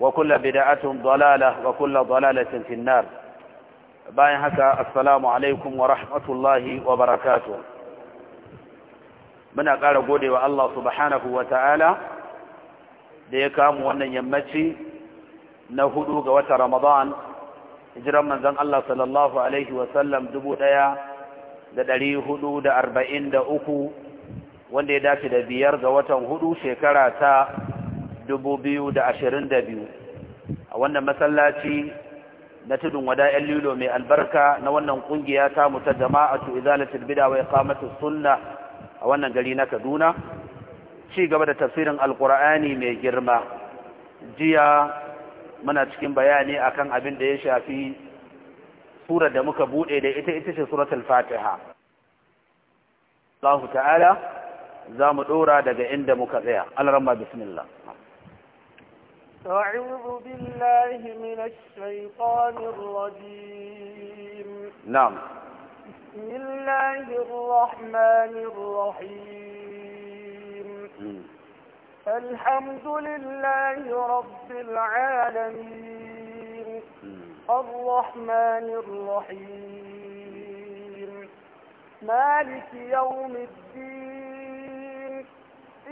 وكل بدعة ضلالة وكل ضلالة في النار باين هكا السلام عليكم ورحمة الله وبركاته من قال قولي والله سبحانه وتعالى ليكام وانا يمتي نهدو قوات رمضان hijiran manzon Allah sallallahu Alaihi wasallam dubu ɗaya da ɗari hudu da arba'in da uku wanda ya dace da biyar ga watan hudu shekara ta Dubu biyu. da da ashirin biyu, a wannan masallaci na tudun wada yan lilo mai albarka na wannan kungiya ta mutar jama'atu izalatul bid'a wa iqamatus sunna a wannan gari na Kaduna ci gaba da tafsirin alqur'ani mai girma jiya muna cikin bayani akan abin da ya shafi surar da muka buɗe da ita ita ce suratul fatiha Allah ta'ala za mu dora daga inda muka tsaya Allah ramma bismillah أعوذ بالله من الشيطان الرجيم نعم بسم الله الرحمن الرحيم م. الحمد لله رب العالمين م. الرحمن الرحيم مالك يوم الدين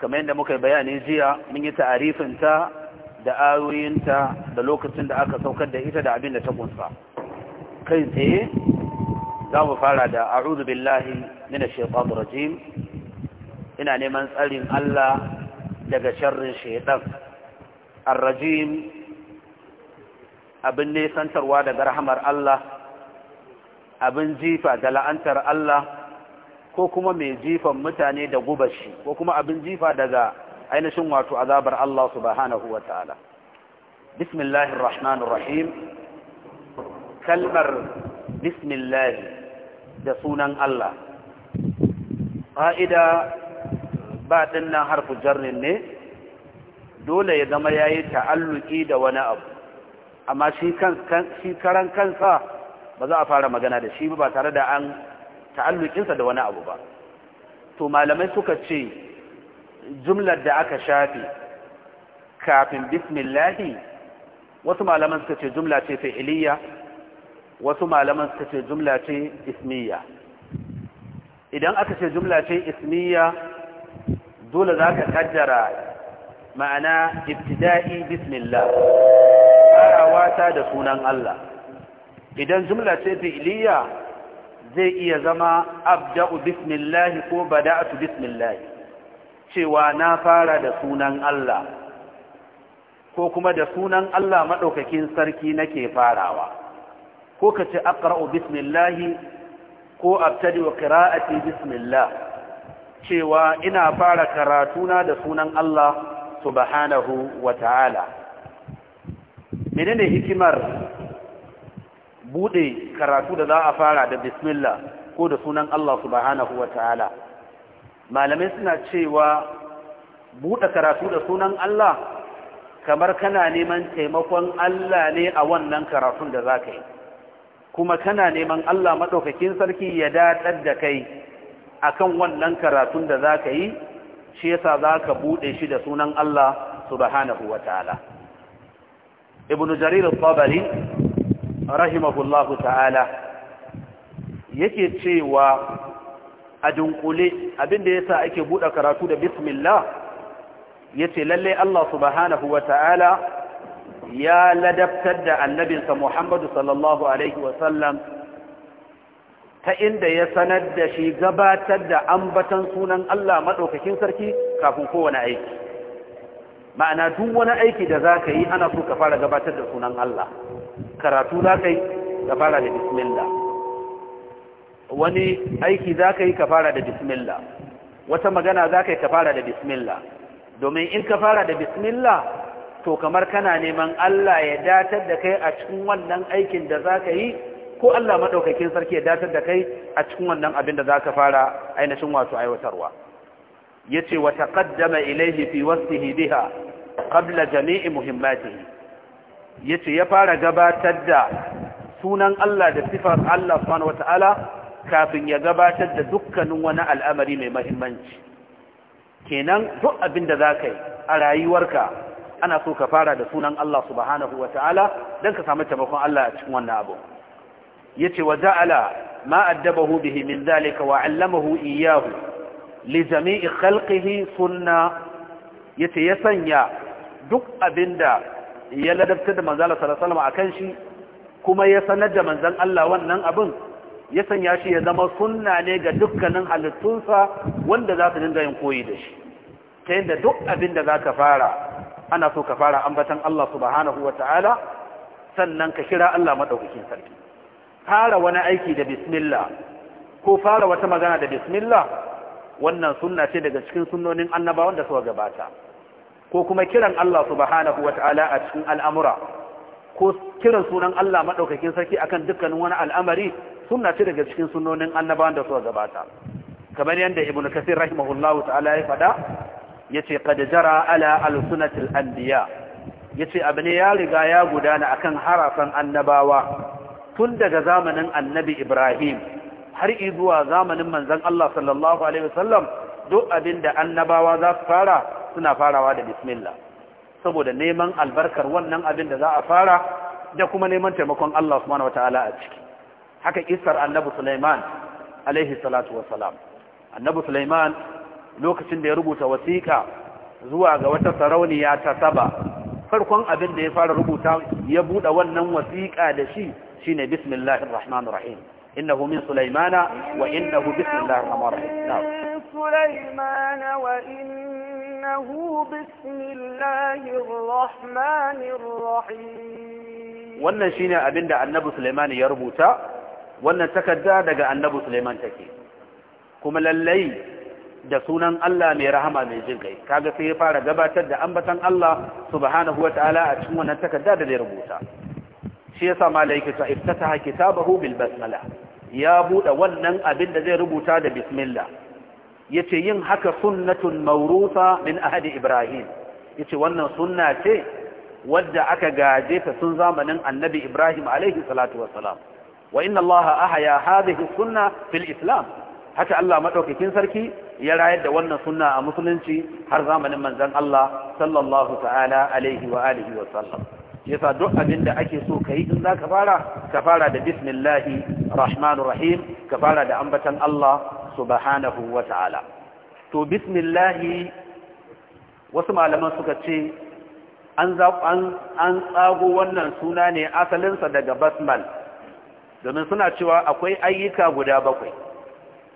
kamar yadda muka bayani jiya mun yi ta'arifinta da ayoyinta da lokacin da aka saukar da ita da abin da ta kunsa kai tsaye za mu fara da a'udhu billahi minash shaitanir rajim ina neman tsarin Allah daga sharrin shaitan ar-rajim abin nesantarwa daga rahamar Allah abin jifa da la'antar Allah ko kuma mai jifan mutane da gubashi ko kuma abin jifa daga ainihin wato azabar Allah subhanahu wa ta'ala bismillahir rahmanir rahim kalmar bismillah da sunan Allah Fa'ida ba dinnan harfu jarrin ne dole ya zama yayi ta'alluki da wani abu amma shi karan kansa ba za a fara magana da shi ba tare da an ta'allukinsa da wani abu ba to malamai suka ce jumlar da aka shafe kafin bismillahi wasu malaman suka ce jumla ce fi'iliya wasu malaman suka ce jumla ce ismiya idan aka ce jumla ce ismiya dole za ka kaddara ma'ana ibtida'i bismillah farawa da sunan Allah idan jumla ce fi'iliya zai iya zama abda'u bismillah ko bada'tu bismillah cewa na fara da sunan Allah ko kuma da sunan Allah maɗaukakin sarki nake farawa ko ka ce aqra'u bismillah ko abtadi wa qira'ati bismillah cewa ina fara karatuna da sunan Allah subhanahu wa ta'ala menene hikimar buɗe karatu da za a fara da bismillah ko da sunan Allah subhanahu wa ta'ala malamai suna cewa buɗe karatu da sunan Allah kamar kana neman taimakon Allah ne a wannan karatun da za ka yi kuma kana neman Allah maɗaukakin sarki ya datar da kai akan wannan karatun da za ka yi shi yasa za ka buɗe shi da sunan Allah subhanahu wa ta'ala ibn jarir al-tabari rahimahullahu ta'ala yake cewa a dunkule abinda ya sa ake buɗe karatu da bismillah yace lallai Allah subhanahu wa ta'ala ya ladabtar da annabinsa Muhammadu sallallahu alaihi wa sallam ta inda ya sanar da shi gabatar da ambatan sunan Allah maɗaukakin sarki kafin kowane aiki ma'ana duk wani aiki da za ka yi ana so ka fara gabatar da sunan Allah karatu za ka yi ka fara da bismillah wani aiki za ka yi ka fara da bismillah wata magana za ka yi ka fara da bismillah domin in ka fara da bismillah to kamar kana neman Allah ya datar da kai a cikin wannan aikin da za ka yi ko Allah maɗaukakin sarki ya datar da kai a cikin wannan abin da za ka fara ainihin wato aiwatarwa ya ce wa taƙaddama ilaihi fi wasu biha qabla jami'i muhimmatihi yace ya fara gabatar da sunan Allah da sifar Allah subhanahu wataala kafin ya gabatar da dukkanin wani al'amari mai mahimmanci kenan duk abin da za ka yi a rayuwarka ana so ka fara da sunan Allah subhanahu wa ta'ala don ka samu taimakon Allah a cikin wannan abu ya ce wa ja'ala ma addabahu bihi min zalika wa allamahu iyahu li jami'i khalqihi sunna ya ce ya sanya duk abin da ya ladabtar da manzala sallallahu akan shi kuma ya sanar da manzan Allah wannan abin ya sanya shi ya zama sunna ne ga dukkanin halittunsa wanda za su dinga yin koyi da shi ta yadda duk abin da za ka fara ana so ka fara ambatan Allah subhanahu wa ta'ala sannan ka kira Allah maɗaukakin sarki fara wani aiki da bismillah ko fara wata magana da bismillah wannan sunna ce daga cikin sunnonin annabawan da suka gabata ko kuma kiran Allah subhanahu wata'ala a cikin al'amura ko kiran sunan Allah maɗaukakin sarki akan dukkanin wani al'amari suna ci daga cikin sunonin annabawan da suka gabata kamar yadda ibnu kasir rahimahullahu ta'ala ya faɗa ce, qad jara ala al-sunatil anbiya yace abu ne ya riga ya gudana akan harafan annabawa tun daga zamanin annabi Ibrahim har zuwa zamanin manzon Allah sallallahu alaihi wasallam duk abinda annabawa za su fara suna farawa da bismillah saboda neman albarkar wannan abin da za a fara da kuma neman taimakon Allah subhanahu wataala a ciki haka kissar annabi Sulaiman alaihi salatu wassalam annabi Sulaiman lokacin da ya rubuta wasiƙa zuwa ga wata sarauniya ta saba farkon abin da ya fara rubuta ya buɗe wannan wasiƙa da shi shine bismillahir rahmanir rahim innahu min sulaimana wa innahu bismillahir rahmanir rahim sulaimana wa إنه بسم الله الرحمن الرحيم wannan shine da annabi Suleiman ya rubuta wannan takarda daga annabi Sulaiman take kuma lallai da sunan Allah mai rahama mai jin kai kaga sai ya fara gabatar da ambatan Allah subhanahu wataala a cikin wannan takarda da ya rubuta shi yasa ta iftataha kitabahu bil basmala ya buɗe wannan abin da zai rubuta da bismillah yace yin haka sunnatun mawrusa min ahadi ibrahim yace wannan sunna ce wadda aka gaje ta sun zamanin annabi ibrahim alaihi salatu wassalam wa inna allaha ahya hadhihi sunna fil islam haka Allah madaukakin sarki ya rayar da wannan sunna a musulunci har zamanin manzon Allah sallallahu ta'ala alaihi wa alihi wa sallam yasa duk abin da ake so kai in zaka fara ka fara da bismillahir rahmanir rahim ka fara da ambatan Allah subhanahu wa ta'ala to bismillahi wasu malaman suka ce an tsago wannan suna ne asalinsa daga basmal domin suna cewa akwai ayyuka guda bakwai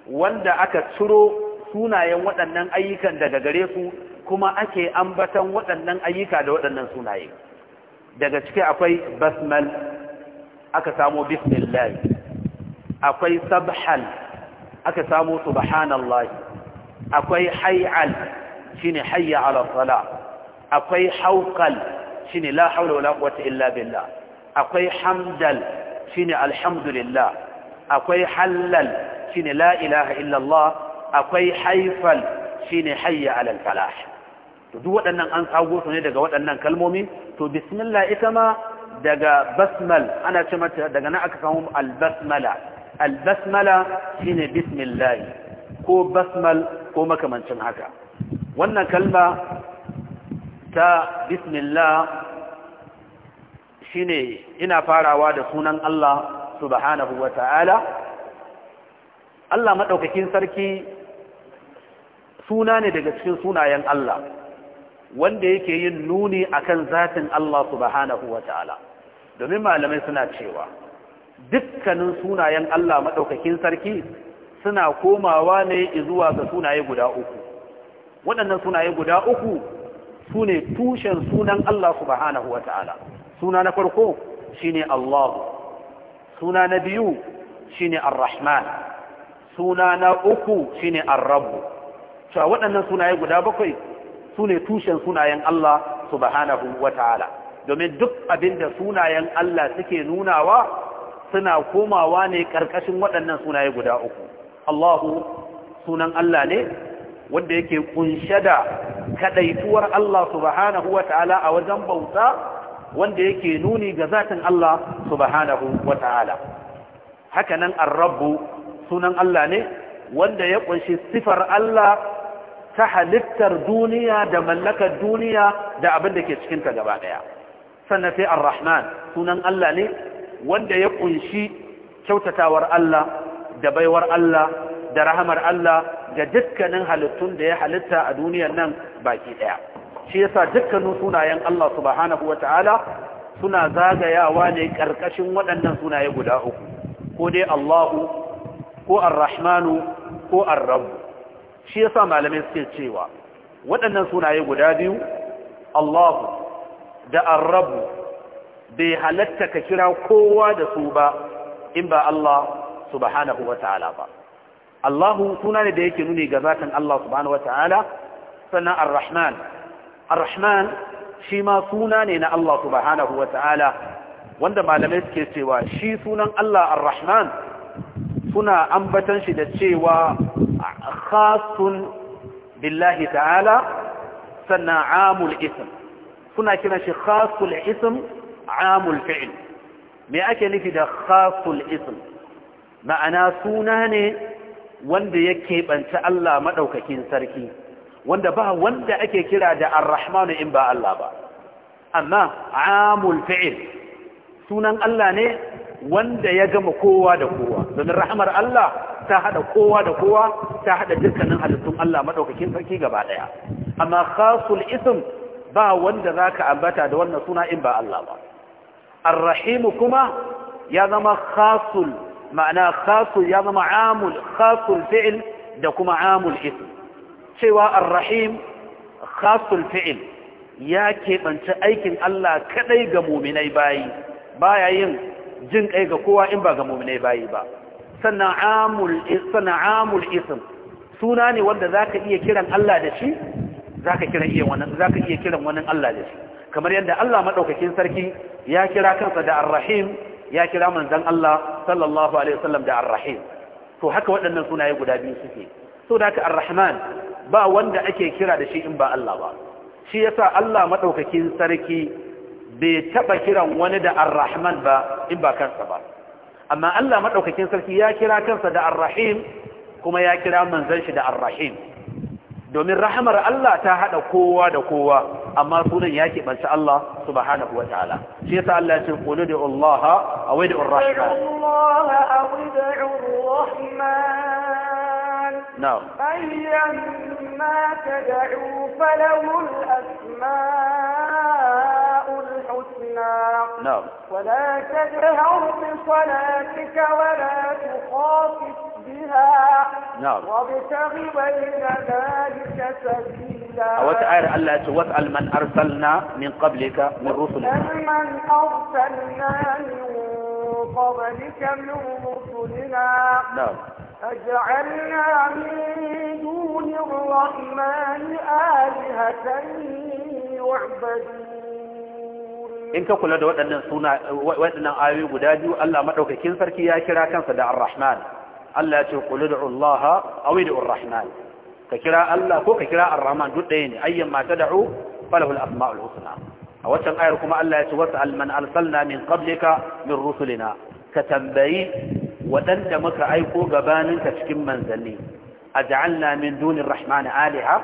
wanda aka ciro sunayen waɗannan ayyukan daga gare su kuma ake ambatan waɗannan ayyuka da waɗannan sunaye daga ciki akwai basmal aka samo bismillah akwai sabhal aka samu subhanallah akwai hay'al shine hayya ala sala akwai hawqal shine la hawla wala quwwata illa billah akwai hamdal shine alhamdulillah akwai halal shine la ilaha illa allah akwai haifal shine hayya ala falah to duk waɗannan an kawo su ne daga waɗannan kalmomi to bismillah ita ma daga basmal ana ce mata daga nan aka samu albasmala albasmala shine bismillah ko basmal ko makamancin haka wannan kalma ta bismillah shine ina farawa da sunan Allah subhanahu wa ta'ala Allah maɗaukakin sarki suna ne daga cikin sunayen Allah wanda yake yin nuni akan zatin Allah subhanahu wa ta'ala domin malamai suna cewa dukkanin sunayen Allah maɗaukakin sarki suna komawa ne zuwa ga sunaye guda uku waɗannan sunaye guda uku su ne tushen sunan Allah subhanahu wa ta'ala suna na farko shi ne Allah suna na biyu shine ar-rahman suna na uku shine ar-rabb cewa waɗannan sunaye guda bakwai su ne tushen sunayen Allah subhanahu wa ta'ala domin duk abinda sunayen Allah suke nunawa suna komawa ne ƙarƙashin waɗannan sunaye guda uku Allahu sunan Allah ne wanda yake kunshe da kadaituwar Allah subhanahu wa ta'ala a wajen bauta wanda yake nuni ga zatin Allah subhanahu wa ta'ala haka nan ar sunan Allah ne wanda ya kunshi sifar Allah ta halittar duniya da mallakar duniya da abin da ke cikinta gaba ɗaya sannan sai ar-rahman sunan Allah ne wanda ya kunshi kyautatawar Allah da baiwar Allah da rahamar Allah ga dukkanin halittun da ya halitta a duniyar nan baki daya shi yasa dukkanin sunayen Allah subhanahu wataala suna zagayawa ne karkashin waɗannan sunaye guda uku ko dai Allahu ko Ar-Rahmanu ko Ar-Rabb shi yasa malamai suke cewa waɗannan sunaye guda biyu Allahu da Ar-Rabb bai halatta ka kira kowa da su ba in ba Allah subhanahu wa ta'ala ba Allahu suna ne da yake nuni ga zatan Allah subhanahu wa ta'ala sannan ar-rahman ar-rahman shi ma suna ne na Allah subhanahu wa ta'ala wanda malamai suke cewa shi sunan Allah ar-rahman suna ambatan shi da cewa khasun billahi ta'ala sannan amul ism suna kiran shi khasul ism amul fi'il me ake nufi da khaful ism ma'ana suna ne wanda ya keɓanci Allah maɗaukakin sarki wanda ba wanda ake kira da ar-rahmanu in ba Allah ba amma amul fi'il sunan Allah ne wanda ya gama kowa da kowa domin rahmar Allah ta haɗa kowa da kowa ta hada dukkanin halittun Allah maɗaukakin sarki gaba ɗaya amma khasul ism ba wanda zaka ambata da wannan suna in ba Allah ba Arraḥimu kuma ya zama kwasul, ma'ana kwasul ya zama caamul kwasul fiɛl da kuma caamul isim. Cewa arraḥim kwasul fiɛl ya keɓance aikin Allah kaɗai ga muminai ba yi. yin jin kai ga kowa in ba ga muminai ba yi ba. Sannan caamul isim. Suna ne wanda za ka iya kiran Allah da shi? Za ka iya kiran wannan Allah da shi? kamar yadda Allah maɗaukakin sarki ya kira kansa da arrahim ya kira manzan Allah sallallahu alaihi wasallam da arrahim to haka waɗannan sunaye guda biyu suke so da haka arrahman ba wanda ake kira da shi in ba Allah ba shi yasa Allah maɗaukakin sarki bai taɓa kiran wani da arrahman ba in ba kansa ba amma Allah maɗaukakin sarki ya kira kansa da arrahim kuma ya kira manzan shi da arrahim domin rahamar Allah ta hada kowa da kowa amma sunan ya bansa Allah subhanahu wataala shi yasa Allah ya ce qulu da Allah aw da ar-rahman Allah aw ar-rahman na'am ayyamma tad'u falahu al-asma'ul husna na'am wa la tad'u bi salatika wa la tukhafit نعم وابتغ بين ذلك سبيلا وتعالى ألا واسأل من أرسلنا من قبلك من رسلنا من أرسلنا من قبلك من رسلنا نعم أجعلنا من دون الرحمن آلهة يعبدون in ka kula da waɗannan suna waɗannan ayoyi guda biyu Allah madaukakin sarki ya kira kansa da Ar-Rahman Allah ya ce kulu da Allah Awi ud'u ar-Rahman ka kira Allah ko ka kira ar-Rahman duk ɗaya ne ayyan ma tad'u falahu al-asma'ul husna a waccan ayar kuma Allah ya ce wata alman arsalna min qablika min rusulina ka tambayi waɗanda muka aiko gabaninka cikin manzanni aj'alna min dunin rahmani aliha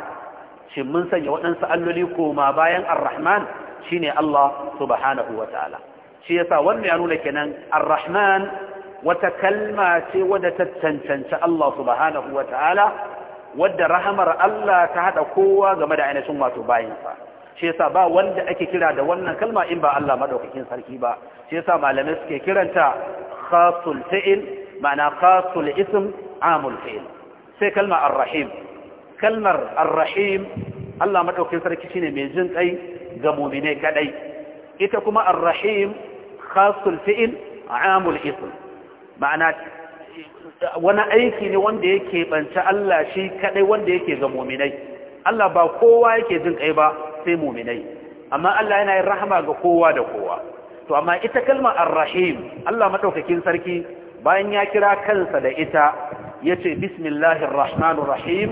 shin mun sanya waɗansu alloli koma bayan ar-rahman shine Allah subhanahu wa ta'ala shi yasa wannan ya nuna kenan ar-rahman wata kalma ce wadda ta cancanci Allah subhanahu wa ta'ala wadda rahamar Allah ta haɗa kowa game da ainihin wato bayansa shi yasa ba wanda ake kira da wannan kalma in ba Allah madaukakin sarki ba shi yasa malamai suke kiranta khasul fi'il ma'ana khasul ism amul fi'il sai kalma ar-rahim kalmar ar-rahim Allah madaukakin sarki shine mai jin kai ga mu'mine kadai ita kuma ar-rahim khasul fi'il amul ism ma'ana wani aiki ne wanda yake banci Allah shi kadai wanda yake ga mu'minai Allah ba kowa yake jin kai ba sai mu'minai amma Allah yana yin rahama ga kowa da kowa to amma ita kalmar ar-rahim Allah madaukakin sarki bayan ya kira kansa da ita yace bismillahir rahmanir rahim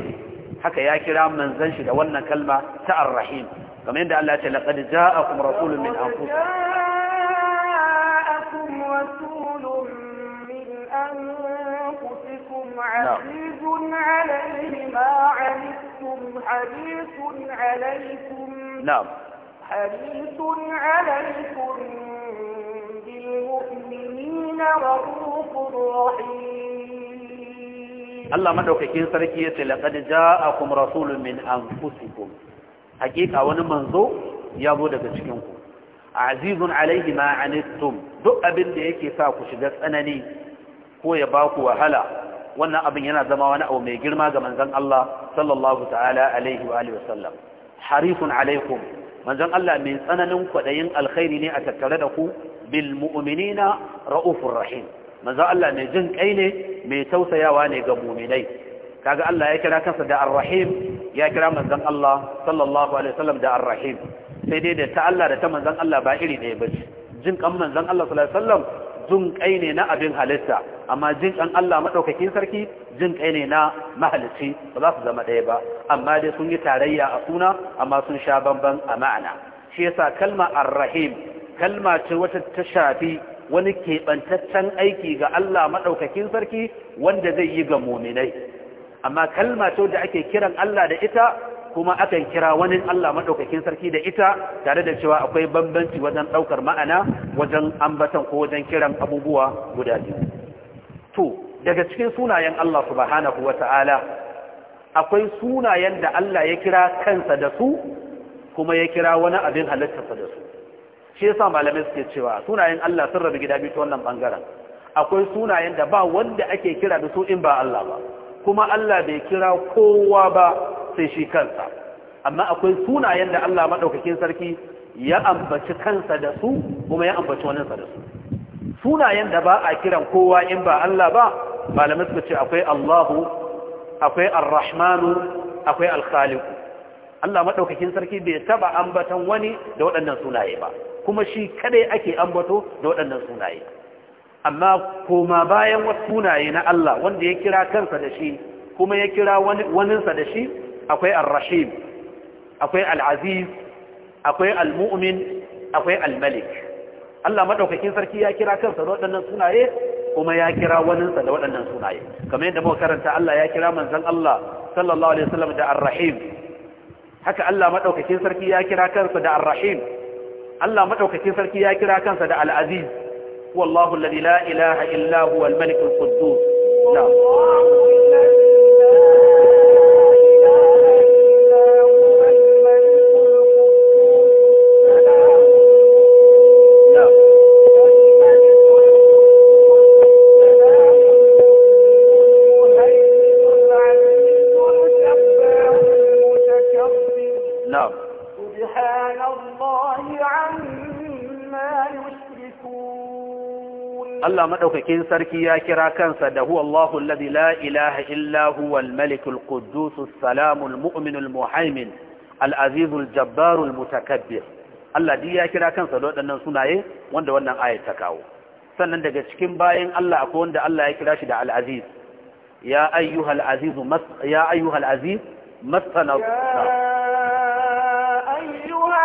haka ya kira manzon shi da wannan kalma ta ar-rahim kamar yadda Allah ya ce laqad ja'akum rasulun min anfusikum أنفسكم عزيز عليه ما عنتم حريص عليكم نعم حريص عليكم بالمؤمنين رؤوف رحيم الله مدوكين سركي يتي لقد جاءكم رسول من أنفسكم حقيقة ونمنزو يابو daga cikinku azizun alaihi ma anittum duk abin da yake sa ku shiga tsanani ko ya ba ku wahala wannan abin yana zama wani abu mai girma ga manzan Allah sallallahu ta'ala alaihi wa alihi wasallam harifun alaikum manzan Allah mai tsananin kwadayin alkhairi ne a tattare da ku bil mu'minina raufur rahim Manzan Allah mai jin kai ne mai tausayawa ne ga mu'minai kaga Allah ya kira kansa da arrahim ya kira manzan Allah sallallahu alaihi wasallam da arrahim sai dai da ta Allah da ta manzan Allah ba iri ɗaya ba jin kan manzan Allah sallallahu alaihi wasallam jin kai ne na abin halitta amma jin kan Allah madaukakin sarki jin kai ne na mahalicci ba za su zama ɗaya ba amma dai sun yi tarayya a suna amma sun sha bamban a ma'ana shi yasa kalma arrahim kalma ce wata ta shafi wani keɓantaccen aiki ga Allah madaukakin sarki wanda zai yi ga muminai amma kalma ce da ake kiran Allah da ita kuma akan kira wani Allah maɗaukakin sarki da ita tare da cewa akwai bambanci wajen ɗaukar ma'ana wajen ambatan ko wajen kiran abubuwa guda biyu to daga cikin sunayen Allah subhanahu wata'ala akwai sunayen da Allah ya kira kansa da su kuma ya kira wani abin halittarsa da su shi yasa malamai suke cewa sunayen Allah sun rabu gida biyu ta wannan bangaren akwai sunayen da ba wanda ake kira da su in ba Allah ba kuma Allah bai kira kowa ba sai shi kansa amma akwai sunayen da Allah maɗaukakin sarki ya ambaci kansa da su kuma ya ambaci waninsa da su sunayen da ba a kiran kowa in ba Allah ba malamai suka ce akwai Allahu akwai Ar-Rahmanu akwai Al-Khaliq Allah maɗaukakin sarki bai taba ambatan wani da waɗannan sunaye ba kuma shi kadai ake ambato da waɗannan sunaye amma koma bayan wasu sunaye na Allah wanda ya kira kansa da shi kuma ya kira waninsa da shi akwai al rahim akwai al-aziz akwai al-mu'min akwai al-malik Allah madaukakin sarki ya kira kansa da waɗannan sunaye kuma ya kira waninsa da waɗannan sunaye kamar yadda muka karanta Allah ya kira manzon Allah sallallahu alaihi wasallam da ar-rahim haka Allah madaukakin sarki ya kira kansa da ar-rahim Allah madaukakin sarki ya kira kansa da al-aziz wallahu alladhi la ilaha illa huwa al-malik al-quddus na'am Allah maɗaukakin sarki ya kira kansa da huwa Allahu la ilaha illa huwa al-malik al-quddus al-mu'min al-muhaimin al-aziz mutakabbir Allah ya kira kansa da waɗannan sunaye wanda wannan ayat ta kawo sannan daga cikin bayan Allah akwai wanda Allah ya kira shi da al-aziz ya ayyuhal aziz ya ayyuhal aziz masana أيها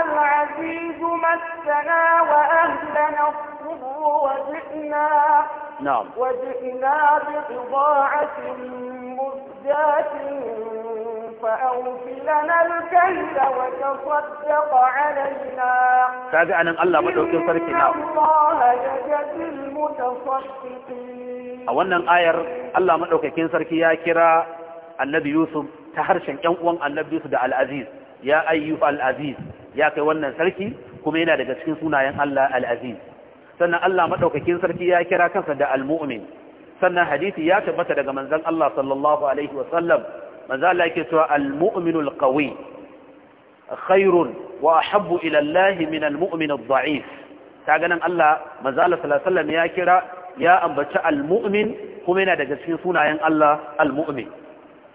العزيز وجئنا نعم وجئنا ببضاعة مزجاة فأوفلنا الكيل وتصدق a wannan ayar Allah maɗaukakin sarki ya kira annabi Yusuf ta harshen ‘yan uwan annabi Yusuf da al'aziz ya ayyuf al'aziz ya kai wannan sarki kuma yana daga cikin sunayen Allah al'aziz sannan Allah maɗaukakin sarki ya kira kansa da almu'min sannan hadisi ya tabbata daga manzan Allah sallallahu alaihi wa sallam manzo Allah yake cewa almu'minul qawi khairun wa ahabbu ila Allah min almu'min ad ta ganin Allah manzo Allah sallallahu alaihi wa ya kira ya ambaci almu'min kuma yana daga cikin sunayen Allah almu'min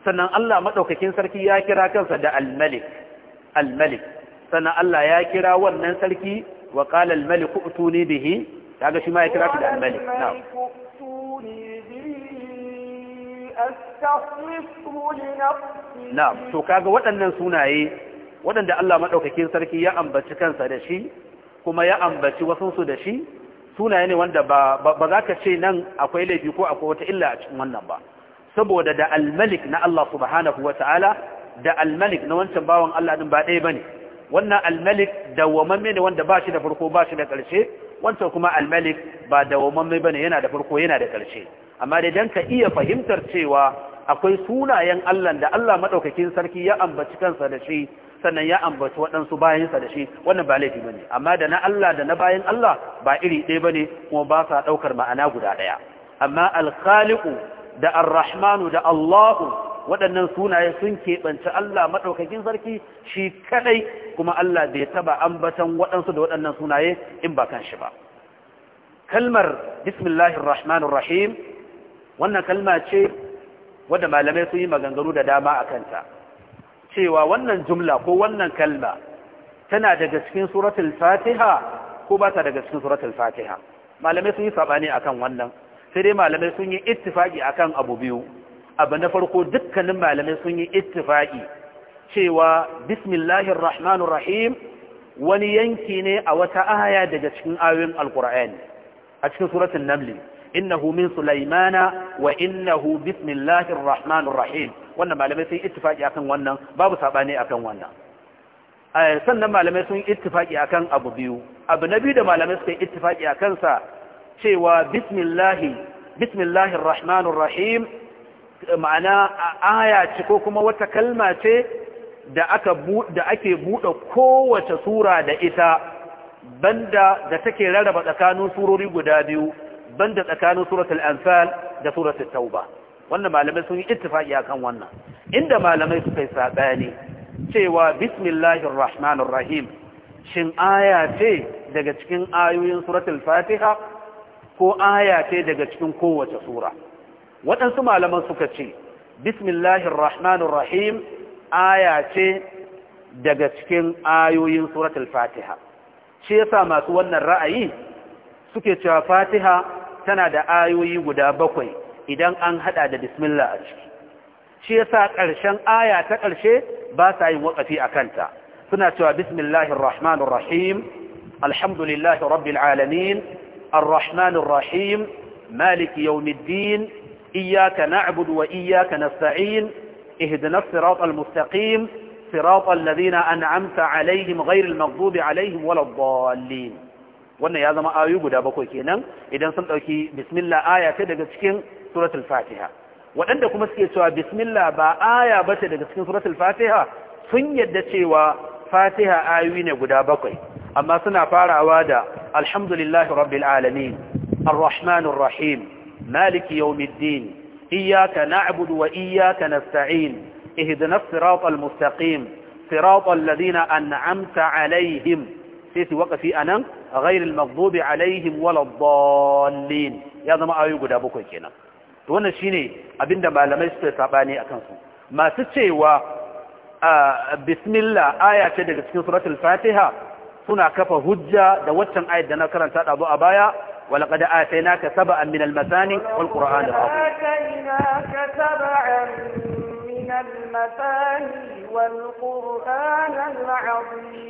sannan Allah madaukakin sarki ya kira kansa da almalik sannan Allah ya kira wannan sarki wa qala al utuni bihi kaga shi ma ya kira shi da almalik. na'am to kaga waɗannan sunaye waɗanda Allah madaukakin sarki ya ambaci kansa da shi kuma ya ambaci wasunsu da shi sunaye ne wanda ba za ka ce nan akwai laifi ko akwai wata illa a cikin wannan ba saboda da almalik na Allah subhanahu wataala ta'ala da almalik na wancan bawan Allah din ba ɗaya ba ne wannan almalik dawwamamme ne wanda ba shi da farko ba shi da ƙarshe wancan kuma almalik ba dawwamamme ba ne yana da farko yana da ƙarshe amma dai don ka iya fahimtar cewa akwai sunayen Allah da Allah maɗaukakin sarki ya ambaci kansa da shi sannan ya ambaci waɗansu bayansa da shi wannan ba laifi ba ne amma da na Allah da na bayan Allah ba iri ɗaya ba ne kuma ba sa ɗaukar ma'ana guda ɗaya amma alkhaliku da arrahmanu da Allahu waɗannan sunaye sun keɓance Allah maɗaukakin sarki shi kaɗai kuma Allah bai taɓa ambatan waɗansu da waɗannan sunaye in ba kan shi ba kalmar bismillahir rahmanir rahim wannan kalma ce wadda malamai sun yi maganganu da dama a kanta cewa wannan jumla ko wannan kalma tana daga cikin suratul fatiha ko ba ta daga cikin suratul fatiha malamai sun yi saɓani akan wannan sai dai malamai sun yi ittifaki akan abu biyu abu na farko dukkanin malamai sun yi ittifaki cewa bismillahir rahmanir rahim wani yanki ne a wata aya daga cikin ayoyin alqur'ani a cikin suratul naml innahu min sulaymana wa innahu bismillahir rahmanir rahim wannan malamai sun yi ittifaki akan wannan babu sabani akan wannan eh, sannan malamai sun ittifaki akan abu biyu abu na biyu da malamai suka yi ittifaki akan sa cewa bismillah bismillahir rahmanir rahim ma'ana aya ce ko kuma wata kalma ce da aka da ake buɗe kowace sura da ita banda da take rarraba tsakanin surori guda biyu banda tsakanin suratul anfal da suratul tauba wannan malamai sun yi ittifaqi akan wannan inda malamai suka yi sabani cewa bismillahir rahmanir rahim shin aya ce daga cikin ayoyin suratul fatiha ko aya ce daga cikin kowace sura waɗansu malaman suka ce bismillahir rahmanir rahim aya ce daga cikin ayoyin suratul fatiha shi yasa masu wannan ra'ayi suke cewa fatiha tana da ayoyi guda bakwai idan an hada da bismillah a ciki shi yasa ƙarshen aya ta ƙarshe ba sa yin waƙafi a kanta suna cewa bismillahir rahmanir rahim alhamdulillahi rabbil alamin arrahmanir rahim maliki yawmiddin إياك نعبد وإياك نستعين اهدنا الصراط المستقيم صراط الذين أنعمت عليهم غير المغضوب عليهم ولا الضالين wannan ya zama ayoyi guda bakwai kenan idan sun ɗauki bismillah aya ta daga cikin suratul fatiha waɗanda kuma suke cewa bismillah ba aya ba ce daga cikin suratul fatiha sun yadda cewa fatiha ayoyi ne guda bakwai amma suna farawa da alhamdulillahi rabbil alamin arrahmanir rahim مالك يوم الدين إياك نعبد وإياك نستعين اهدنا الصراط المستقيم صراط الذين أنعمت عليهم سيسي وقفي أنا غير المغضوب عليهم ولا الضالين يا زما أيوب guda bakwai kenan to wannan shine abinda malamai suke sabani akan su masu cewa bismillah aya ce daga cikin suratul fatiha suna kafa hujja da waccan ayat da na karanta dazu a baya ولقد آتيناك سبعا من المثاني والقرآن العظيم آتيناك سبعا من المثاني والقرآن العظيم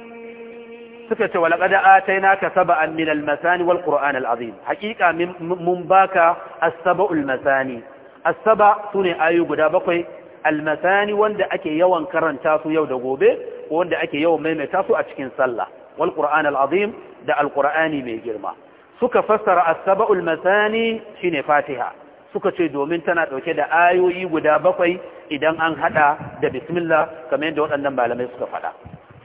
سكت ولقد آتيناك سبعا من المثاني والقرآن العظيم حقيقة من باك السبع المثاني السبع سنة آيو قدا بقي المثاني وند أكي يوان كرن تاسو يو دقوبي وند أكي يوم ميمي تاسو أشكين صلى والقرآن العظيم ده القرآن ميجرما suka fassara asaba'ul masani shine fatiha suka ce domin tana dauke da ayoyi guda bakwai idan an hada da bismillah kamar yadda waɗannan malamai suka faɗa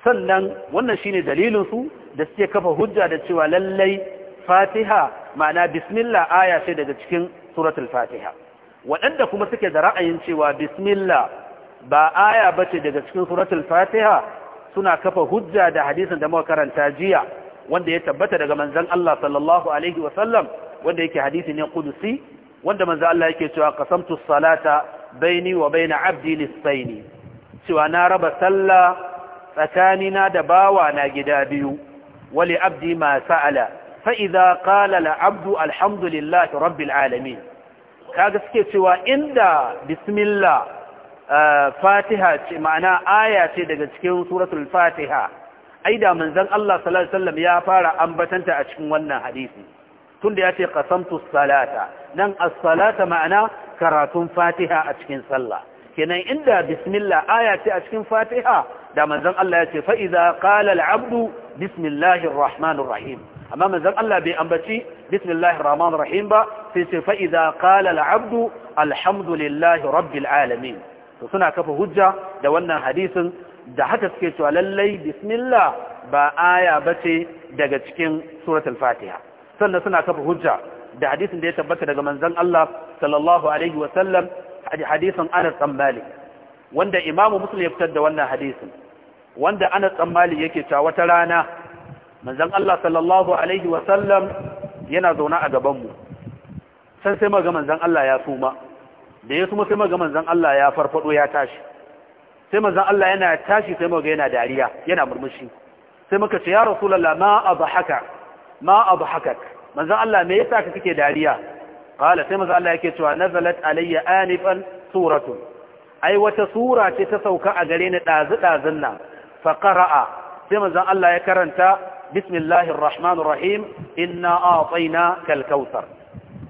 sannan wannan shine dalilin su da suke kafa hujja da cewa lallai fatiha ma'ana bismillah aya ce daga cikin suratul fatiha waɗanda kuma suke da ra'ayin cewa bismillah ba aya bace daga cikin suratul fatiha suna kafa hujja da hadisin da muka karanta jiya wanda ya tabbata daga manzan Allah sallallahu alaihi wa sallam wanda yake hadisi ne kudusi wanda manzan Allah yake cewa qasamtu salata baini wa baina abdi lisaini cewa na raba sallah tsakanina da bawa na gida biyu wali abdi ma sa'ala fa idza qala la abdu alhamdulillahi rabbil alamin kaga suke cewa inda bismillah eh, fatiha ce ma'ana aya ce daga cikin suratul fatiha ai da manzon Allah sallallahu alaihi wasallam ya fara ambatanta a cikin wannan hadisi tunda ya ce qasamtu salata nan as-salata ma'ana karatun Fatiha a cikin sallah kenan inda bismillah aya ce a cikin Fatiha da manzon Allah ya ce fa idza qala al-'abdu bismillahir rahmanir rahim amma manzon Allah bai ambaci bismillahir rahmanir rahim ba sai ce fa idza qala al-'abdu alhamdulillahi rabbil alamin to suna kafa hujja da wannan hadisin da haka suke cewa lallai bismillah ba aya bace daga cikin suratul fatiha sannan suna kafa hujja da hadisin da ya tabbata daga manzon Allah sallallahu alaihi wa sallam hadisin Anas bin Malik wanda imamu Muslim ya fitar da wannan hadisin wanda Anas bin Malik yake cewa wata rana manzon Allah sallallahu alaihi wa sallam yana zauna a gaban mu san sai maga manzon Allah ya suma da ya suma sai maga manzon Allah ya farfado ya tashi sai manzon Allah yana tashi sai muga yana dariya yana murmushi sai muka ce ya rasulullah ma haka ma abahakak manzon Allah me yasa ka kake dariya qala sai manzon Allah yake cewa nazalat alayya anifan suratun ai wata sura ce ta sauka a gare ni dazu dazun nan fa qara'a sai manzon Allah ya karanta bismillahir rahmanir rahim inna a'tainakal kautsar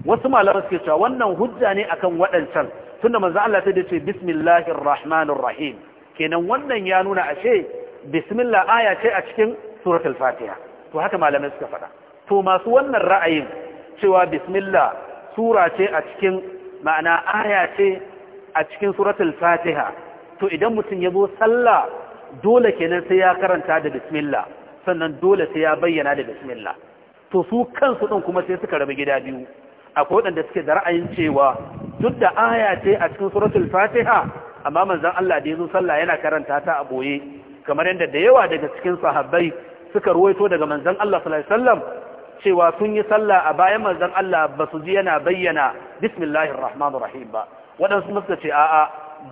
wasu malamai suke cewa wannan hujja ne akan waɗancan tunda manzo Allah sai da ce bismillahir rahmanir rahim kenan wannan ya nuna ashe bismillah aya ce a cikin suratul fatiha to haka malamai suka faɗa to masu wannan ra'ayin cewa bismillah sura ce a cikin ma'ana aya ce a cikin suratul fatiha to idan mutum ya zo sallah dole kenan sai ya karanta da bismillah sannan dole sai ya bayyana da bismillah to su kansu din kuma sai suka rabu gida biyu akwai waɗanda suke da ra'ayin cewa duk da aya ce a cikin suratul fatiha amma manzan Allah da yazo sallah yana karanta ta a boye kamar yadda da yawa daga cikin sahabbai suka ruwaito daga manzan Allah sallallahu alaihi wasallam cewa sun yi sallah a bayan manzon Allah ba su ji yana bayyana bismillahir rahmanir rahim ba waɗansu suka ce a'a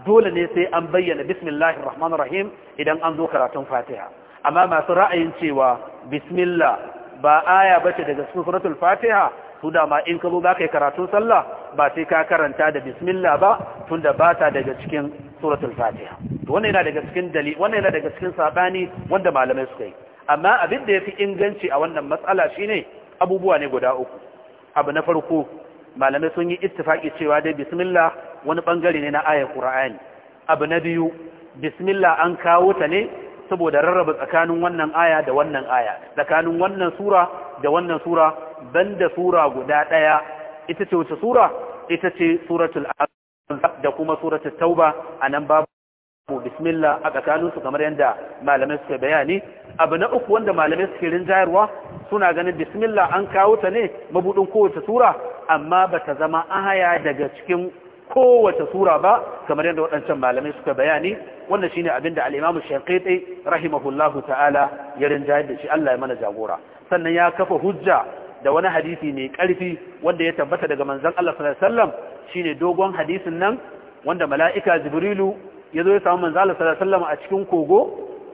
dole ne sai an bayyana bismillahir rahmanir rahim idan an zo karatun fatiha amma masu ra'ayin cewa bismillah ba aya bace daga cikin suratul fatiha su dama in ka zo za yi karatun sallah ba sai ka karanta da bismillah ba tunda ba ta daga cikin suratul fatiha to wannan yana daga cikin dali wannan yana daga cikin sabani wanda malamai suka yi amma abin da yafi inganci a wannan matsala shine abubuwa ne guda uku abu na farko malamai sun yi ittifaki cewa dai bismillah wani bangare ne na ayar qur'ani abu na biyu bismillah an kawo ta ne saboda rarraba tsakanin wannan aya da wannan aya tsakanin wannan sura da wannan sura banda sura guda daya ita ce wace sura ita ce suratul da kuma suratul tauba nan babu bismillah a tsakaninsu kamar yadda malamai suke bayani abu na uku wanda malamai suke rinjayarwa suna ganin bismillah an kawo ta ne mabudin kowace sura amma ba ta zama ahaya daga cikin kowace sura ba kamar yadda waɗancan malamai suka bayani wannan shine abin da alimamu imam rahimahullahu ta'ala ya rinjayar da shi Allah ya mana jagora sannan ya kafa hujja da wani hadisi mai ƙarfi wanda ya tabbata daga manzon Allah sallallahu shine dogon hadisin nan wanda mala'ika jibrilu ya zo ya samu manzala sallallahu a cikin kogo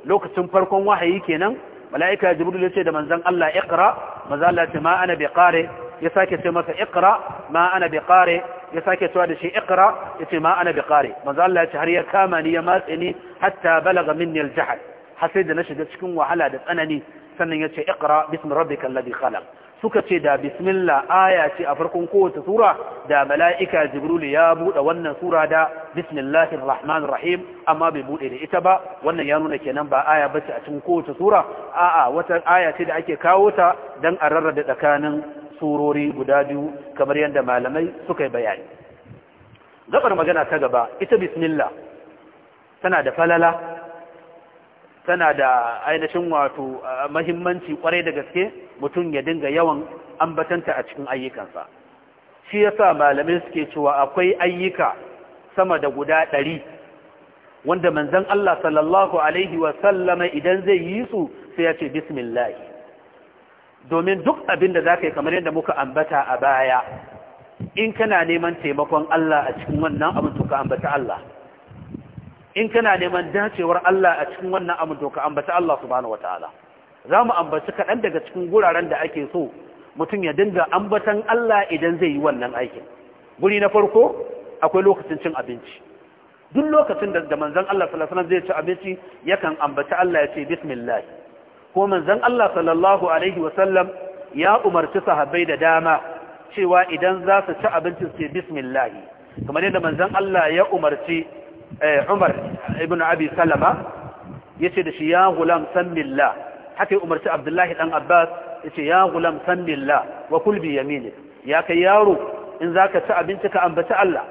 lokacin farkon wahayi kenan mala'ika jibrilu ya ce da manzan Allah iqra manzala ce ma ana bi kare, ya sake ce masa ikra ma ana bi kare, ya sake cewa da shi ikra ya ce ma ana bi qare manzala ya ce har ya kama ni ya matse ni hatta balaga minni al-jahal har sai da na shiga cikin wahala da tsanani sannan ya ce ikra bismi rabbikal ladhi khalaq suka ce da bismillah aya ce a farkon kowace sura da mala'ika jibril ya buɗe wannan sura da bismillahir rahim amma bai buɗe da ita ba wannan ya nuna kenan ba aya bace a cikin kowace sura a'a wata aya ce da ake kawo ta dan a rarrada tsakanin surori guda biyu kamar yadda malamai suka yi bayani gabar magana ta gaba ita bismillah tana da falala tana da ainihin wato mahimmanci kwarai da gaske mutum ya dinga yawan ambatanta a cikin ayyukansa shi yasa malamin suke cewa akwai ayyuka sama da guda ɗari wanda manzon Allah sallallahu alaihi wa idan zai yi su sai ya ce bismillah domin duk abin da zaka yi kamar yadda muka ambata a baya in kana neman taimakon Allah a cikin wannan abin to ka ambata Allah in kana neman dacewar Allah a cikin wannan abin to ka ambaci Allah subhanahu wataala za mu ambaci kaɗan daga cikin guraren da ake so mutum ya dinga ambatan Allah idan zai yi wannan aikin guri na farko akwai lokacin cin abinci duk lokacin da manzon Allah sallallahu alaihi wasallam zai ci abinci yakan ambaci Allah ya ce bismillah ko manzon Allah sallallahu alaihi wasallam ya umarci sahabbai da dama cewa idan za su ci abincin su bismillah kamar yadda manzon Allah ya umarci Eh, umar ibn abi salama ya da shi ya gulam san billah haka umarci abdullahi dan abbas yace ce ya gulam san billah wa bi yamini ya kai yaro in za ka ci abinci ka ambaci Allah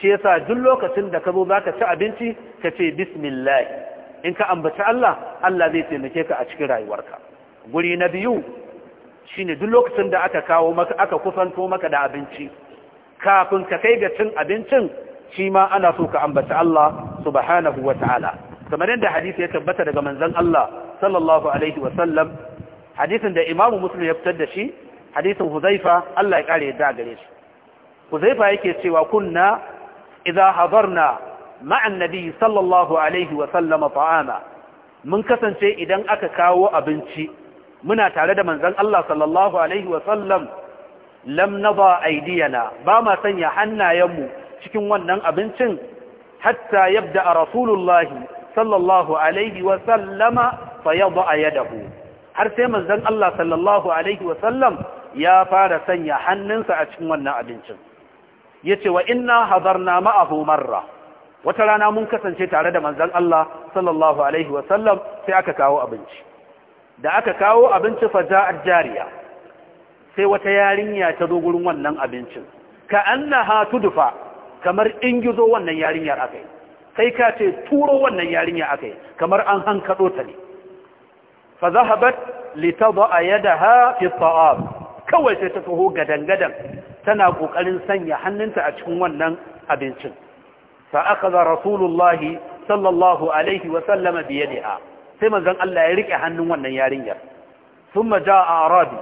shi yasa duk lokacin da ka zo zaka ci abinci ka ce bismillah in ka ambaci Allah Allah zai taimake ka a cikin rayuwarka guri na biyu shine duk lokacin da aka kawo maka aka kusanto maka da abinci kafin ka kai ga cin abincin shi ma ana so ka ambata Allah subhanahu wa ta'ala kamar yadda hadisi ya tabbata daga manzan Allah sallallahu alaihi wa sallam hadisin da imamu Muslim ya fitar da shi hadisin Huzaifa Allah ya kare yadda gare shi Huzaifa yake cewa kunna idza hadarna ma'a an-nabi sallallahu alaihi wa sallam ta'ama mun kasance idan aka kawo abinci muna tare da manzan Allah sallallahu alaihi wa sallam lam nada aydiyana ba ma sanya hannayenmu cikin wannan abincin hatta yabda a rasulullahi sallallahu alaihi wasallama fayadu a yadahu har sai manzan Allah sallallahu alaihi wasallam ya fara sanya hannunsa a cikin wannan abincin ya ce wa inna hazarna ma'ahu marra wata rana mun kasance tare da manzan Allah sallallahu alaihi wasallam sai aka kawo abinci da aka kawo abinci faja jariya sai wata yarinya ta zo wurin wannan abincin ka annaha tudfa kamar ingizo wannan yarinyar aka yi Sai ka ce turo wannan yarinyar aka yi kamar an hankaɗo ta ne fa zahabat litaba a yada ha fi ta'am kawai sai ta taho gadangadan tana ƙoƙarin sanya hannunta a cikin wannan abincin fa aka za rasulullah sallallahu alaihi wa sallama biye ne a sai manzon Allah ya riƙe hannun wannan yarinyar sun ma ja a arabi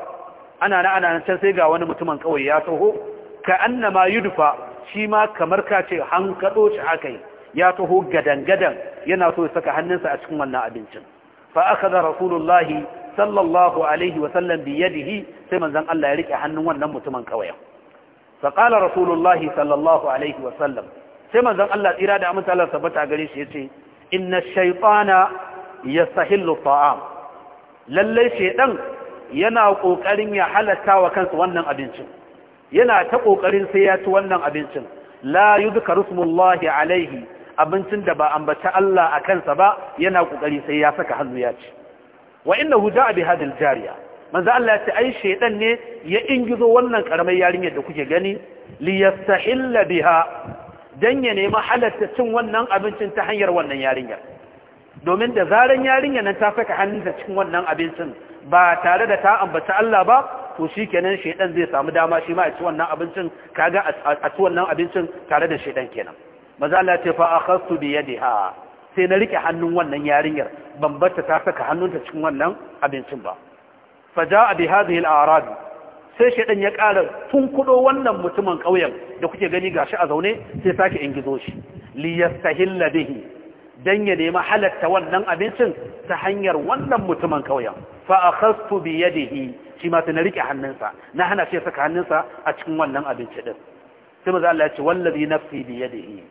ana na ana can sai ga wani mutumin kawai ya taho ka annama yudufa shi ma kamar ka ce hankaɗo shi haka yi ya taho gadan-gadan yana so ya saka hannunsa a cikin wannan abincin fa aka da rasulullahi sallallahu alaihi wasallam bi sai manzan Allah ya rike hannun wannan mutumin kawayen fa qala rasulullahi sallallahu alaihi wasallam sai manzan Allah tsira da amince Allah sabata gare shi yace inna shaytana yastahillu ta'am lalle shedan yana kokarin ya halatta wa kansa wannan abincin yana ta ƙoƙarin sai ya ci wannan abincin la yuzkaru smullahi alaihi abincin da ba ambata Allah a kansa ba yana ƙoƙari sai ya saka hannu ya ci wa innahu ja'a bi hadil jariya manzo Allah ya ce ai shedan ne ya ingizo wannan karamar yarinyar da kuke gani li yastahilla biha dan ya nemi halatta cin wannan abincin ta hanyar wannan yarinyar domin da zaran yarinyar nan ta saka hannunta cikin wannan abincin ba tare da ta ambata Allah ba to shi kenan shaidan zai samu dama shi ma a ci wannan abincin kaga a ci wannan abincin tare da shaidan kenan maza Allah ce fa akhadtu bi yadiha sai na rike hannun wannan yarinyar ban barta ta saka hannunta cikin wannan abincin ba fa jaa bi hadhihi al-a'rab sai shaidan ya ƙara tun kudo wannan mutumin ƙauyen da kuke gani gashi a zaune sai sake gizo shi li yastahilla bihi dan ya nemi halatta wannan abincin ta hanyar wannan mutumin ƙauyen fa akhadtu bi yadihi shi ma sai na rike hannunsa na hana shi saka hannunsa a cikin wannan abinci din sai maza Allah ya ce wallazi nafsi bi yadihi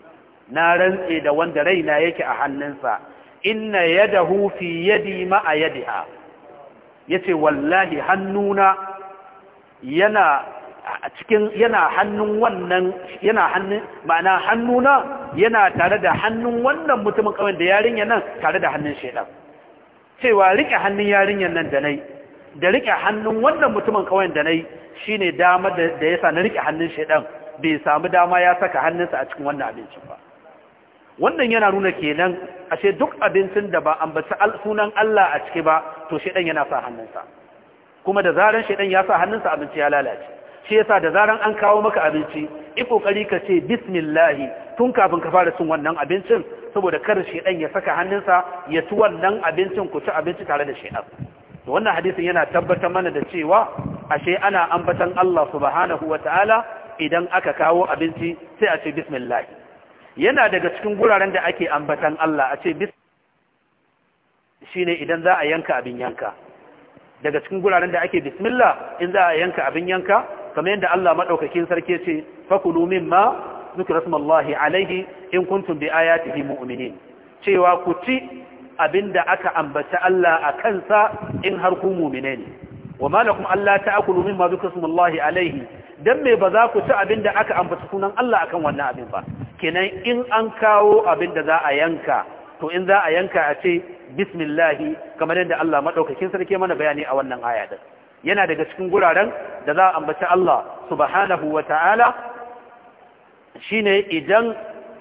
na rantse da wanda raina yake a hannunsa inna yadahu fi yadi ma a yadiha yace wallahi hannuna yana a cikin yana hannun wannan yana hannun ma'ana hannuna yana tare da hannun wannan mutumin kawai da yarinya nan tare da hannun shedan cewa riƙe hannun yarinyar nan da nai da rike hannun wannan mutumin kawai da na shi ne dama da yasa na riƙe hannun shedan bai samu dama ya saka hannunsa a cikin wannan abincin ba wannan yana nuna kenan ashe duk abincin da ba an ambaci sunan Allah a ciki ba to shedan yana sa hannunsa kuma da zaran shedan ya sa hannunsa abinci ya lalace shi yasa da zaran an kawo maka abinci i kokari ka ce bismillah tun kafin ka fara cin wannan abincin saboda kar shedan ya saka hannunsa ya ci wannan abincin ku ci abinci tare da shedan to wannan hadisin yana tabbatar mana da cewa ashe ana ambatan Allah subhanahu wataala idan aka kawo abinci sai a ce bismillah yana daga cikin guraren da ake ambatan Allah a ce shine idan za a yanka abin yanka daga cikin guraren da ake bismillah in za a yanka abin yanka kamar yadda Allah madaukakin sarki ce fakulu mimma zikra smallahi alaihi in kuntum bi ayatihi mu'minin cewa ku ci abinda aka ambaci Allah a kansa in har ku mu'mine ne wa malakum Allah ta'kulu mimma dhukira alayhi dan me ba za ku ci abinda aka ambaci sunan Allah akan wannan abin ba kenan in an kawo abinda za a yanka to in za a yanka a ce bismillahi kamar yadda Allah madaukakin sarki mana bayani a wannan aya da yana daga cikin guraren da za a ambaci Allah subhanahu wa ta'ala shi idan,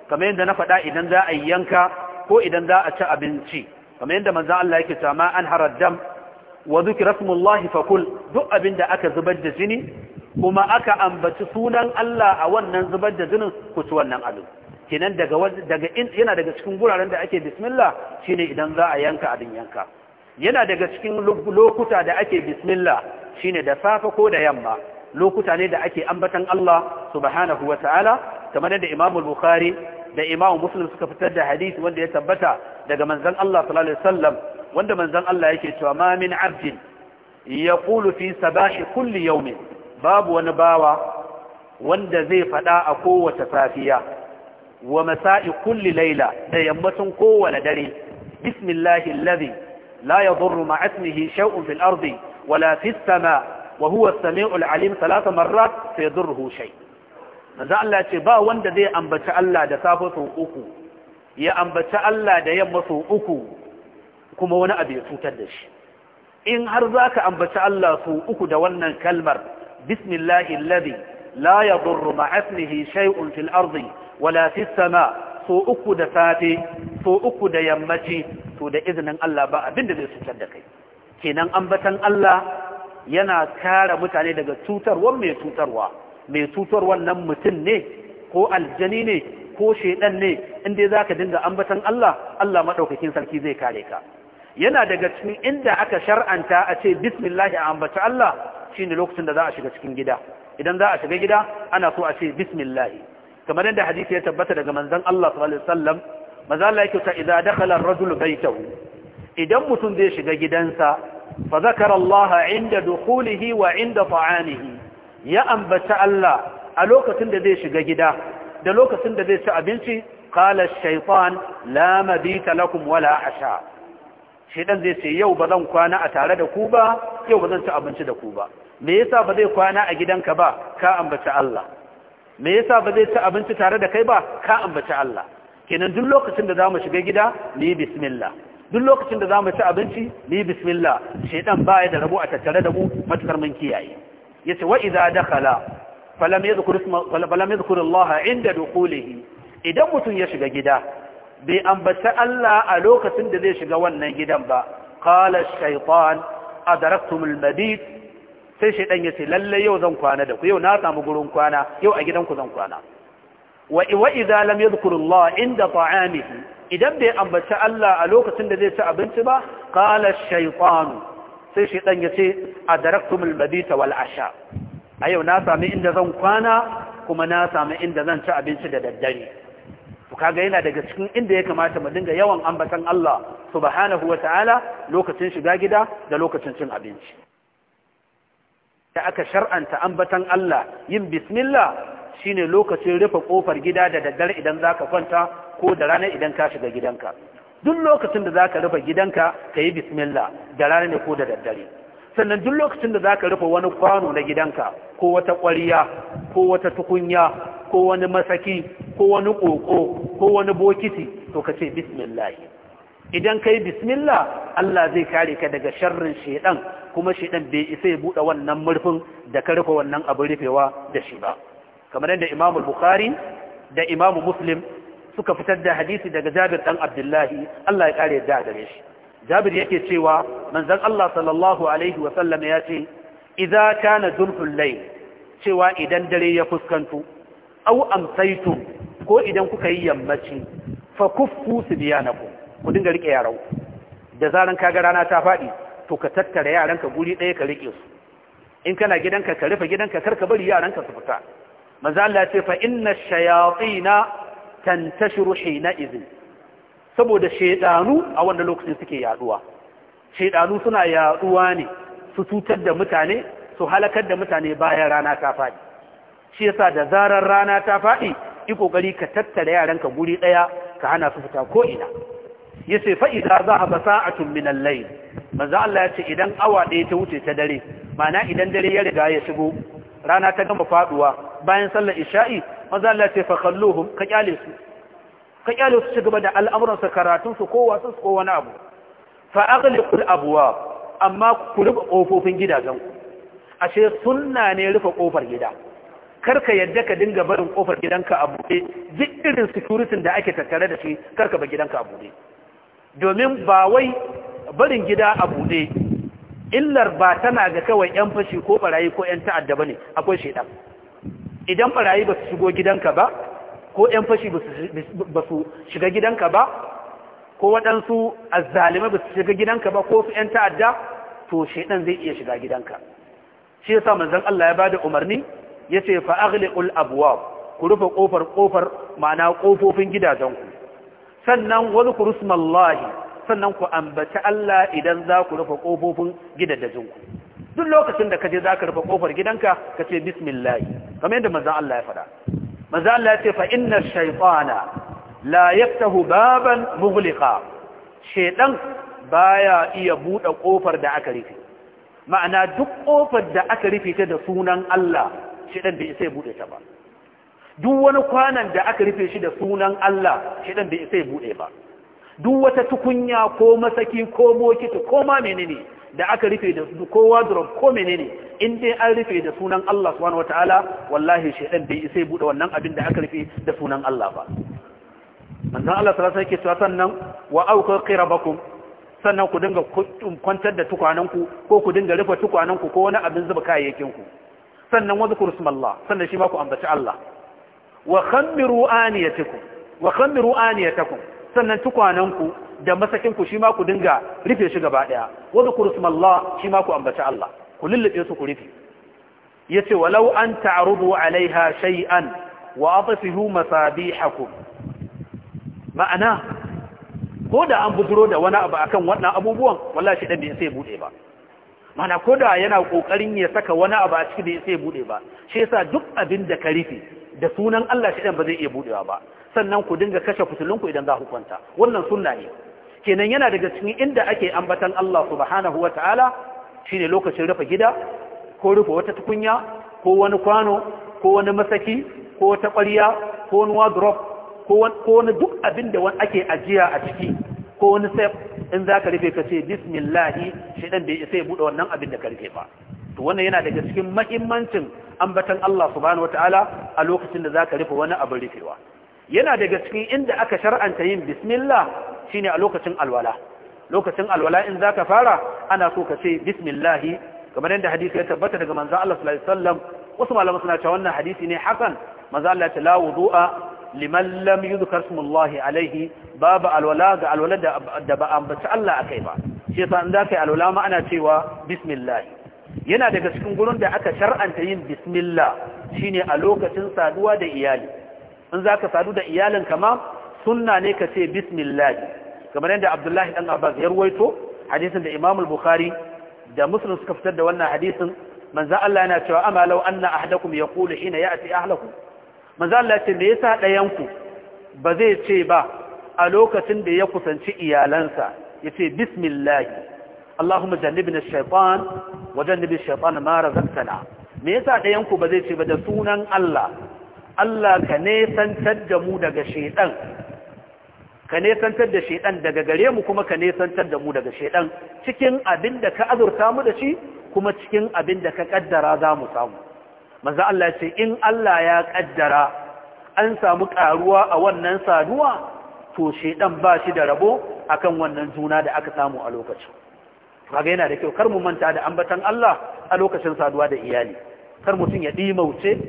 kamar yadda na faɗa idan za a yanka ko idan za a ci abinci kamar yadda manzo Allah yake cewa ma an haraddam wa dhikra smullahi fakul duk abinda aka zubar da jini kuma aka ambaci sunan Allah a wannan zubar da jinin ku ci wannan abin kenan daga daga yana daga cikin guraren da ake bismillah shine idan za a yanka abin yanka yana daga cikin lokuta da ake bismillah shine da safa ko da yamma lokuta ne da ake ambatan Allah subhanahu ta'ala kamar da Imam Bukhari da imamu muslim suka fitar da hadisi wanda ya tabbata daga manzon Allah sallallahu alaihi wasallam wanda manzon Allah yake cewa ma min abdin yaqulu fi sabahi kulli yawmin babu wani bawa wanda zai fada a kowace safiya wa masa'i kulli laila da yammatin kowace dare bismillahi alladhi la yadurru ma'a ismihi shay'un fil ardi wala fis sama wa huwa as-sami'ul alim thalath marrat fa yadurruhu shay' manzo Allah ya ce ba wanda zai ambaci Allah da safe sau uku ya ambaci Allah da yamma sau uku kuma wani abu ya cutar da shi in har zaka ambaci Allah sau uku da wannan kalmar bismillahi alladhi la yadurru ma'asmihi shay'un fil ardi wala fis sau uku da safe sau uku da yammaci to da izinin Allah ba abin da zai cutar da kai kenan ambatan Allah yana kare mutane daga cutarwa mai cutarwa mai cutar wannan mutum ne ko aljani ne ko shaidan ne inda za ka dinga ambatan Allah Allah maɗaukakin sarki zai kare ka yana daga cikin inda aka shar'anta a ce bismillahi a ambaci Allah shine lokacin da za a shiga cikin gida idan za a shiga gida ana so a ce bismillahi kamar yadda hadisi ya tabbata daga manzon Allah sallallahu alaihi wasallam maza Allah yake ta idza dakhala ar baytahu idan mutum zai shiga gidansa fa zakara Allah inda dukhulihi wa inda ta'amihi ya ambaci Allah a lokacin da zai shiga gida da lokacin da zai ci abinci kala shaifan la mabita lakum wala asha shedan zai ce yau ba zan kwana a tare da ku ba yau ba zan ci abinci da ku ba me yasa ba zai kwana a gidanka ba ka ambaci Allah me yasa ba zai ci abinci tare da kai ba ka ambaci Allah kenan duk lokacin da zamu shiga gida ni bismillah duk lokacin da zamu ci abinci ni bismillah shedan baya da rabu a tattare da mu matakar mun kiyaye yace wa idza dakhala falam yadhkur isma falam yadhkur Allah inda dukulihi idan mutum ya shiga gida bai ambata Allah a lokacin da zai shiga wannan gidan ba qala ash-shaytan adraktum al-mabit sai shaytan yace lalle yau zan kwana da ku yau na samu gurin kwana yau a gidan ku zan kwana wa idza lam yadhkur Allah inda ta'amihi idan bai ambata Allah a lokacin da zai ci abinci ba qala ash-shaytanu sai shi ɗan ya ce a adaraktumul mabita wal asha a yau na sami inda zan kwana kuma na sami inda zan ci abinci da daddare kaga yana daga cikin inda ya kamata mu dinga yawan ambatan Allah subhanahu ta'ala lokacin shiga gida da lokacin cin abinci da aka shar'anta ambatan Allah yin bismillah shine lokacin rufe kofar gida da daddare idan zaka kwanta ko da rana idan ka shiga gidanka duk lokacin da za ka rufe gidanka ka yi bismillah da rana ne ko da daddare sannan duk lokacin da za ka rufe wani kwano na gidanka ko wata ƙwariya ko wata tukunya ko wani masaki ko wani ƙoƙo ko wani bokiti to ka ce bismillah idan ka yi bismillah Allah zai kare ka daga sharrin shaidan kuma shaidan bai isa ya buɗe wannan murfin da ka rufe wannan abin rufewa da shi ba kamar yadda Imam Bukhari da Imam Muslim suka fitar da hadisi daga Jabir dan Abdullahi Allah ya kare da gare shi Jabir yake cewa manzon Allah sallallahu alaihi Wasallam ya ce Iza kana dulful layl cewa idan dare ya fuskanto au amsaytu ko idan kuka yi yammaci fa kuffu sibyanakum ku dinga rike yarau da zaran kaga rana ta faɗi to ka tattara yaranka guri ɗaya ka rike su in kana gidanka ka rufe gidanka kar ka bari yaranka su fita manzo Allah ya ce fa inna shayatina tantashiru hina izin saboda shaidanu a wanda lokacin suke yaduwa shaidanu suna yaduwa ne su cutar da mutane su halakar da mutane bayan rana ta faɗi shi yasa da zarar rana ta faɗi yi kokari ka tattara yaranka guri ɗaya ka hana su fita ko ina yace fa idza zahaba sa'atun min al-layl manzo Allah yace idan awa ɗaya ta wuce ta dare mana idan dare ya riga ya shigo rana ta gama faduwa bayan sallar isha'i maza Allah ce fa kalluhum ka kyale su ka kyale su cigaba da al'amuran su karatun su ko wasu ko wani abu fa aghliqul abuwa. amma ku rufe kofofin gidajen ku ashe sunna ne rufe kofar gida karka yadda ka dinga barin kofar gidanka a buɗe duk irin da ake tattare da shi karka ba gidanka a buɗe domin ba wai barin gida a buɗe illar ba tana ga kawai 'yan fashi ko barayi ko 'yan ta'adda ba ne akwai shaidan idan barayi ba su shigo gidanka ba ko 'yan fashi ba su shiga gidanka ba ko waɗansu azzalimai ba su shiga gidanka ba ko su 'yan ta'adda to shaidan zai iya shiga gidanka shi yasa manzon Allah ya ba da umarni yace fa fa’agli abwab ku rufe ƙofar ƙofar ma'ana ƙofofin gidajenku sannan wal kurusmallahi sannan ku ambaci Allah idan za ku rufe ƙofofin gidajenku duk lokacin da ka je zaka rufe kofar gidanka ka ce bismillah kamar yadda maza Allah ya faɗa Maza Allah ya ce fa inna shaytana la yaftahu baban mughliqa shaytan baya iya bude ƙofar da aka rufe ma'ana duk ƙofar da aka rufe ta da sunan Allah shaytan bai sai bude ta ba duk wani kwanan da aka rufe shi da sunan Allah shaytan bai sai bude ba duk wata tukunya ko masaki ko bokiti ko ma menene da aka rufe da ko wardrobe ko menene in dai an rufe da sunan Allah subhanahu wataala wallahi shedan bai sai bude wannan abin da aka rufe da sunan Allah ba manzon Allah sallallahu alaihi wasallam yake cewa sannan wa auqa qirabakum sannan ku dinga um, kwantar da tukwananku ko ku dinga rufe tukwananku ko wani abin zuba kayayyakin ku. sannan wa zkuru smallah sannan shi ma ku ambaci Allah wa khammiru aniyatakum wa khammiru aniyatakum sannan tukwananku da masakinku shi ma ku dinga rufe shi gaba ɗaya wadda ku rusmallah shi ma ku ambaci Allah ku lullube su ku rufe ya ce walau an ta'arudu alaiha shay'an wa atafihu masabihakum ma'ana ko da an buduro da wani abu akan wannan abubuwan wallahi shi dan bai sai bude ba mana ko da yana kokarin ya saka wani abu a cikin da sai bude ba shi yasa duk abin da ka rufe da sunan Allah shi dan ba zai iya budewa ba sannan ku dinga kashe fitulunku idan za ku kwanta wannan sunna ne kenan yana daga cikin inda ake ambatan Allah subhanahu wa ta'ala shine lokacin rufe gida ko rufe wata tukunya ko wani kwano ko wani masaki ko wata ƙwarya ko wani wardrobe ko wani duk abin da wani ake ajiya a ciki ko wani safe in za ka rufe ka ce bismillahi shi ɗan bai sai ya buɗe wannan abin da ka rufe ba to wannan yana daga cikin mahimmancin ambatan Allah subhanahu wa ta'ala a lokacin da zaka rufe wani abin rufewa yana daga cikin inda aka shar'anta yin bismillah shine a lokacin alwala lokacin alwala in zaka fara ana so ka ce bismillah kamar yadda hadisi ya tabbata daga manzo Allah sallallahu alaihi wasallam wasu malaman suna cewa wannan hadisi ne hakan manzo Allah ta la wudu'a liman lam yuzkar smullahi alaihi babu alwala ga alwala da ba ambaci Allah akai ba shi yasa in zaka yi alwala ma ana cewa bismillah yana daga cikin gurin da aka shar'anta yin bismillah shine a lokacin saduwa da iyali in za ka sadu da iyalinka ma sunna ne ka ce bismillah kamar yadda abdullahi dan abbas ya ruwaito hadisin da imam al-bukhari da muslim suka fitar da wannan hadisin manzo Allah yana cewa amma law anna ahadakum yaqulu hina ya'ti ahlikum manzo Allah ya ce me yasa dayan ku ba zai ce ba a lokacin da ya kusanci iyalansa yace bismillah Allahumma jannibna ash-shaytan wa jannibish shaytan ma razaqtana me yasa dayan ku ba zai ce ba da sunan Allah Allah ka nesantar da mu daga shaidan ka nesantar da shaidan daga gare mu kuma ka nesantar da mu daga shaidan cikin abin da ka azurta mu da shi kuma cikin abin da ka kaddara za mu samu maza Allah ce in Allah ya kaddara an samu karuwa a wannan saduwa to shaidan ba shi da rabo akan wannan juna da aka samu a lokacin kaga yana da kyau kar mu manta da ambatan Allah a lokacin saduwa da iyali kar mutum ya dimauce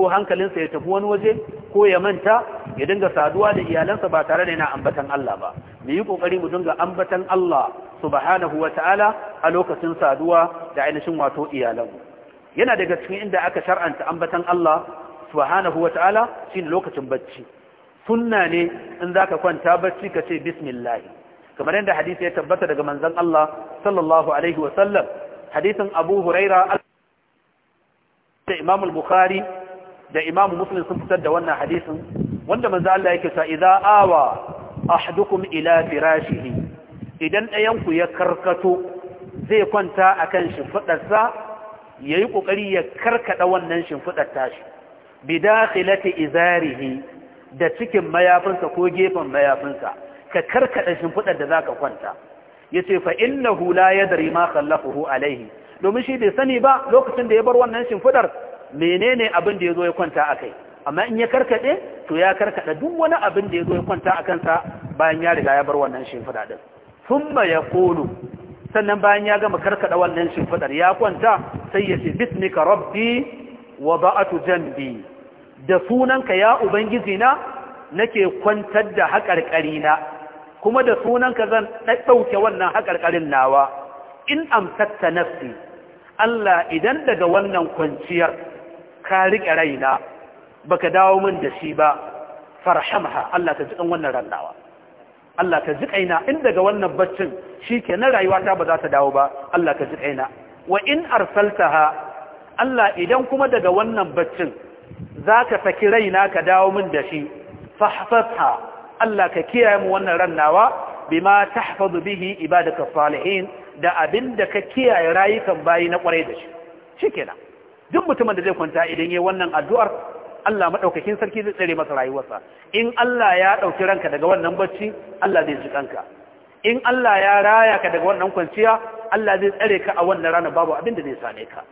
ko hankalinsa ya tafi wani waje ko ya manta ya dinga saduwa da iyalansa ba tare da yana ambatan Allah ba mu yi kokari mu dinga ambatan Allah subhanahu wataala a lokacin saduwa da ainihin wato iyalanmu yana daga cikin inda aka shar'anta ambatan Allah subhanahu wataala shine lokacin bacci sunna ne in zaka kwanta bacci ka ce bismillah kamar yadda hadisi ya tabbata daga manzon Allah sallallahu alaihi wa sallam hadisin Abu Hurairah da Imam al-Bukhari da imamu muslim sun fitar da wannan hadisin wanda manzo Allah yake sa idza awa ahadukum ila firashihi idan ɗayan ku ya karkato zai kwanta akan shimfidarsa yayi kokari ya karkada wannan shimfidar tashi bidakhilati izarihi da cikin mayafinsa ko gefen mayafinsa ka karkada shimfidar da zaka kwanta yace fa innahu la yadri ma khallafahu alaihi domin shi bai sani ba lokacin da ya bar wannan shimfidar menene abin da ya zo ya kwanta a kai amma in ya karkade to ya karkada duk wani abin da ya zo ya kwanta a kansa bayan ya riga ya bar wannan shimfiɗa ɗin ya kolo sannan bayan ya gama karkada wannan shimfiɗar ya kwanta sai ya ce bismika rabbi wa ba'atu janbi da sunanka ya ubangiji na nake kwantar da haƙarƙari na kuma da sunanka zan ɗauke wannan haƙarƙarin nawa in amsatta nafsi Allah idan daga wannan kwanciyar ka riƙe raina baka dawo min da shi ba farhamha Allah ka jiƙan wannan rannawa Allah ka jiƙaina in daga wannan baccin shi ke na rayuwata ba za ta dawo ba Allah ka jiƙaina wa in arsaltaha Allah idan kuma daga wannan baccin za ka saki raina ka dawo min da shi fahfazha Allah ka kiyaye mu wannan rannawa bima tahfazu bihi ibadaka salihin da abinda ka kiyaye rayukan bayi na kwarai da shi shikenan duk mutumin da zai kwanta idan yi wannan addu'ar Allah maɗaukakin sarki zai tsare masa rayuwarsa in Allah ya ɗauki ranka daga wannan bacci Allah zai ji in Allah ya raya ka daga wannan kwanciya Allah zai tsare ka a wannan rana babu abin da zai same ka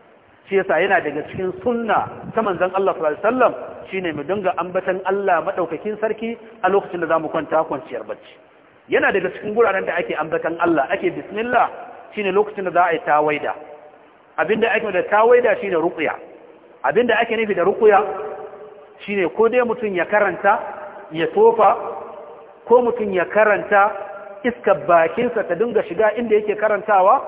shi yasa yana daga cikin sunna ta manzon Allah sallallahu alaihi wasallam shine mu dinga ambatan Allah maɗaukakin sarki a lokacin da zamu kwanta kwanciyar bacci yana daga cikin guraren da ake ambatan Allah ake bismillah shine lokacin da za a yi tawaida abinda ake da tawaida shine ruqya abinda ake nufi da ruqya shine ko dai mutum ya karanta ya tofa ko mutum ya karanta iska bakinsa ta dinga shiga inda yake karantawa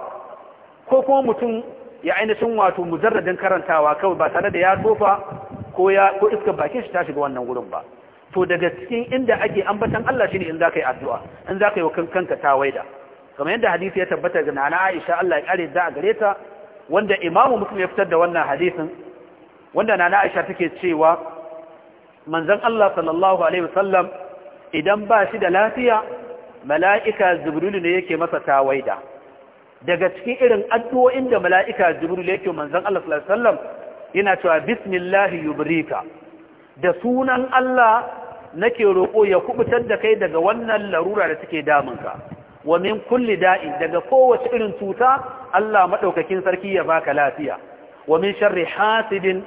ko kuma mutum ya ainihin wato mujarradin karantawa kawai ba tare da ya tofa ko ya ko iska bakin shi ta shiga wannan gurin ba to daga cikin inda ake ambatan Allah shine in zakai addu'a in zakayi wa kanka tawaida kamar yadda hadisi ya tabbata ga nana Aisha Allah ya kare da gareta. wanda imamu mutum ya fitar da wannan hadisin wanda na Aisha take cewa manzan Allah sallallahu alaihi wasallam idan ba shi da lafiya mala'ika jibril ne yake masa tawaida daga cikin irin addu'o'in da mala'ika jibril yake manzan Allah sallallahu alaihi wasallam yana cewa bismillahi yubrika da sunan Allah nake roƙo ya kubutar da kai daga wannan larura da take damunka wa min kulli da'i daga kowace irin tuta, Allah madaukakin sarki ya baka lafiya wa min sharri hasidin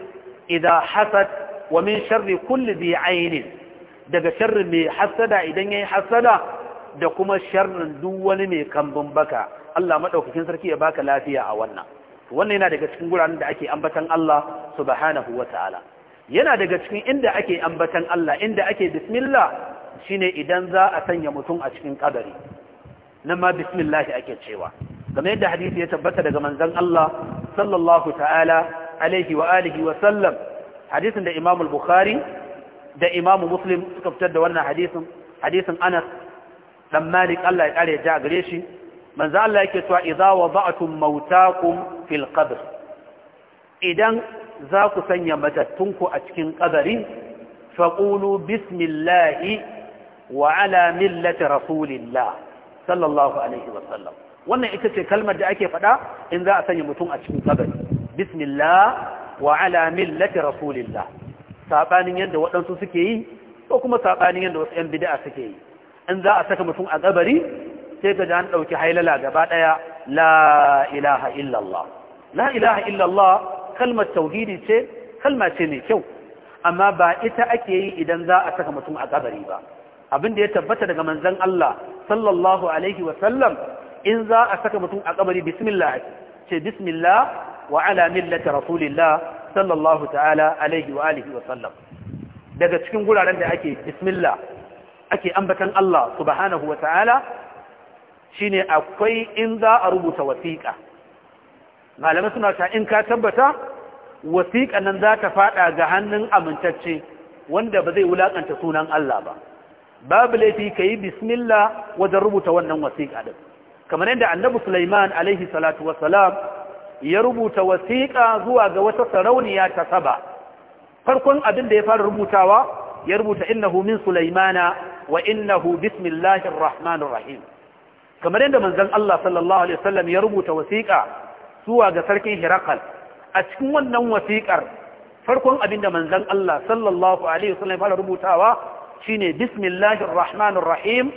idha hasad wa min sharri kulli dhi ainin daga sharri mai hasada idan yayi hasada da kuma sharrin duk wani mai kambun baka Allah madaukakin sarki ya baka lafiya a wannan wannan yana daga cikin guraren da ake ambatan Allah subhanahu wataala yana daga cikin inda ake ambatan Allah inda ake bismillah shine idan za a sanya mutum a cikin kabari nan ma bismillah ake cewa game yadda hadisi ya tabbata daga manzon Allah sallallahu ta'ala alaihi wa alihi wa sallam hadisin da Imam al-Bukhari da Imam Muslim suka fitar da wannan hadisin hadisin Anas dan Malik Allah ya kare ja gare shi manzo Allah yake cewa idza wada'tum mautakum fil qabr idan za ku sanya matattunku a cikin kabari faqulu bismillah wa ala millati rasulillah sallallahu alaihi wasallam wannan ita ce kalmar da ake faɗa in za a sanya mutum a cikin kabari bismillah wa ala millati rasulillah sabanin yadda waɗansu suke yi ko kuma sabanin yadda wasu 'yan bid'a suke yi in za a saka mutum a kabari sai ka ji an ɗauki hailala gaba ɗaya la ilaha illallah la ilaha illallah kalmar tauhidi ce kalma ce mai kyau amma ba ita ake yi idan za a saka mutum a kabari ba abinda ya tabbata daga manzan Allah sallallahu alaihi wasallam in za a saka mutum a kabari bismillah ce bismillah wa ala millati rasulillah sallallahu ta'ala alaihi wa alihi wasallam daga cikin guraren da ake bismillah ake ambatan Allah subhanahu wa ta'ala shine akwai in za a rubuta wasiƙa malamai suna ta in ka tabbata wasiƙa nan za ta faɗa ga hannun amintacce wanda ba zai wulaƙanta sunan Allah ba babu laifi ka yi bismillah wajen rubuta wannan wasiƙa ɗin kamar yadda annabi Sulaiman alaihi salatu wasalam ya rubuta wasiƙa zuwa ga wata sarauniya ta saba farkon abin da ya fara rubutawa ya rubuta innahu min Sulaimana wa innahu bismillahir rahmanir rahim kamar yadda manzon Allah sallallahu alaihi wasallam ya rubuta wasiƙa zuwa ga sarkin Hirakal a cikin wannan wasiƙar farkon abin da manzon Allah sallallahu alaihi wasallam ya fara rubutawa shine bismillahir rahmanir rahim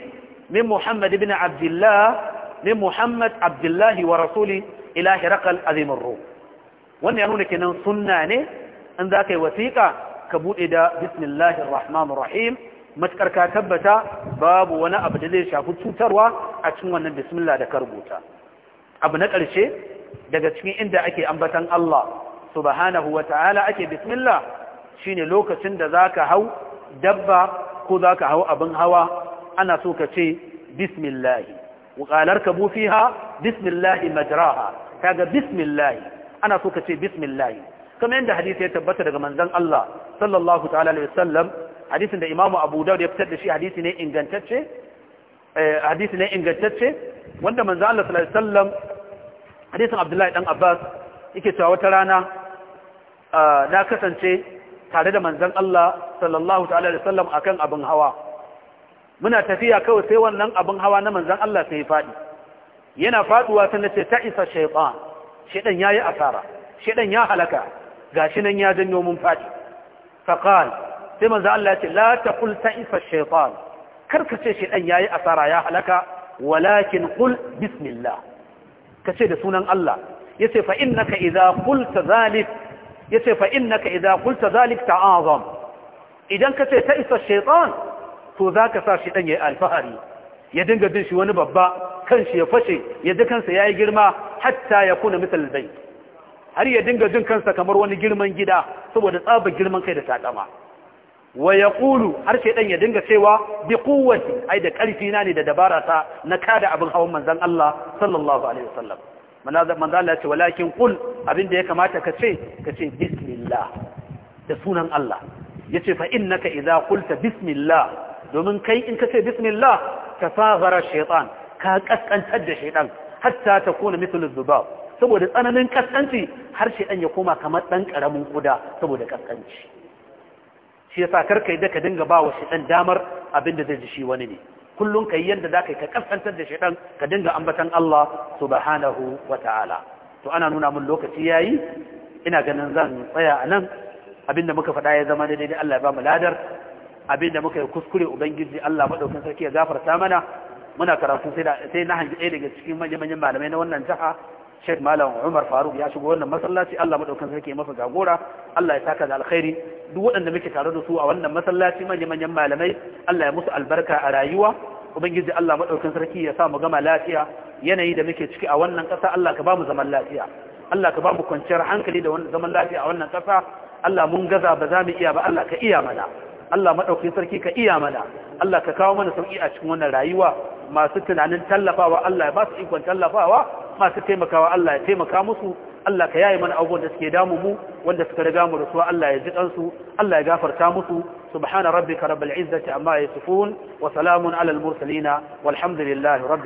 min muhammad ibn abdullah min muhammad abdullahi wa rasuli ila hiraqal azimur ruh wannan ya nuna kenan sunna ne in za ka yi wasika ka buɗe da bismillahir rahmanir rahim matukar ka tabbata babu wani abu da zai shafi cutarwa a cikin wannan bismillah da ka rubuta abu na ƙarshe daga cikin inda ake ambatan Allah subhanahu wa ta'ala ake bismillah shine lokacin da zaka hau dabba ko za ka hau abin hawa ana so ka ce bismillahi wuƙalar ka bufi ha bismillahi majraha ta ga bismillahi ana so ka ce bismillahi Kama yadda hadisi ya tabbata daga manzan Allah sallallahu ta'ala alaihi wasallam hadisin da imamu abu dawud ya fitar da shi hadisi ne ingantacce eh, hadisi ne ingantacce wanda manzan Allah sallallahu alaihi wasallam hadisin Abdullahi dan Abbas yake cewa wata rana ah, na kasance tare da manzan Allah sallallahu ta'ala da sallam akan abin hawa muna tafiya kawai sai wannan abin hawa na manzan Allah sai faɗi yana faɗuwa ta nace ta isa shaitan ya yi asara shaitan ya halaka gashi nan ya janyo mun faɗi faqal sai manzan Allah ya ce la taqul ta isa kar ka ce ya yayi asara ya halaka walakin qul bismillah kace da sunan Allah ya ce fa innaka idza qulta zalik Ya ce fa innaka idza qulta zalik azam idan kace ta isa shaitan to zaka sa shi dan yi alfahari ya dinga bin shi wani babba kanshi ya fashe ya ji kansa yayi girma hatta ya kuna misal har ya dinga jin kansa kamar wani girman gida saboda tsaba girman kai da takama wa yaqulu har dan ya dinga cewa bi quwwati ai da karfi na ne da dabara ta na kada abin hawan manzon Allah sallallahu alaihi wasallam manzo Allah ya ce walakin qul abinda ya kamata ka ce ka ce bismillah da sunan Allah yace fa innaka idza qulta bismillah domin kai in ka ce bismillah tasaghara shaytan ka kaskantar da shaytan hatta takuna mithlu dhubab saboda tsananin kaskanci har shaytan ya koma kamar dan karamin kuda saboda kaskanci shi yasa karkai da ka dinga ba wa shaytan damar abinda zai ji shi wani ne kullum ka yi yadda za ka yi ka kaskantar da shaiɗan, ka dinga ambatan Allah subhanahu wa ta'ala to ana nuna mun lokaci yayi ina ganin zan tsaya a nan abinda muka faɗa ya zama daidai Allah ya ba mu ladar abinda muka yi kuskure ubangiji Allah madaukakin sarki ya gafarta mana muna karatu sai na hangi ɗaya daga cikin manyan manyan malamai na wannan jiha Sheikh Malam Umar Faruk ya shigo wannan masallaci Allah maɗaukan sarki masa jagora Allah ya saka da alkhairi duk waɗanda muke tare da su a wannan masallaci manya manyan malamai Allah ya musu albarka a rayuwa ubangiji Allah maɗaukan sarki ya sa mu gama lafiya yanayi da muke ciki a wannan ƙasa Allah ka ba mu zaman lafiya Allah ka ba mu kwanciyar hankali da zaman lafiya a wannan ƙasa Allah mun gaza ba za mu iya ba Allah ka iya mana Allah madaukakin sarki ka iya mana Allah ka kawo mana sauki a cikin wannan rayuwa masu tunanin tallafawa Allah ya ba su ikon tallafawa masu taimakawa Allah ya taimaka musu Allah ka yaye mana abubuwan da suke damu mu wanda suka riga mu rasuwa Allah ya ji kansu Allah ya gafarta musu subhana rabbika rabbil izzati amma yasifun wa salamun alal mursalin walhamdulillahi rabbil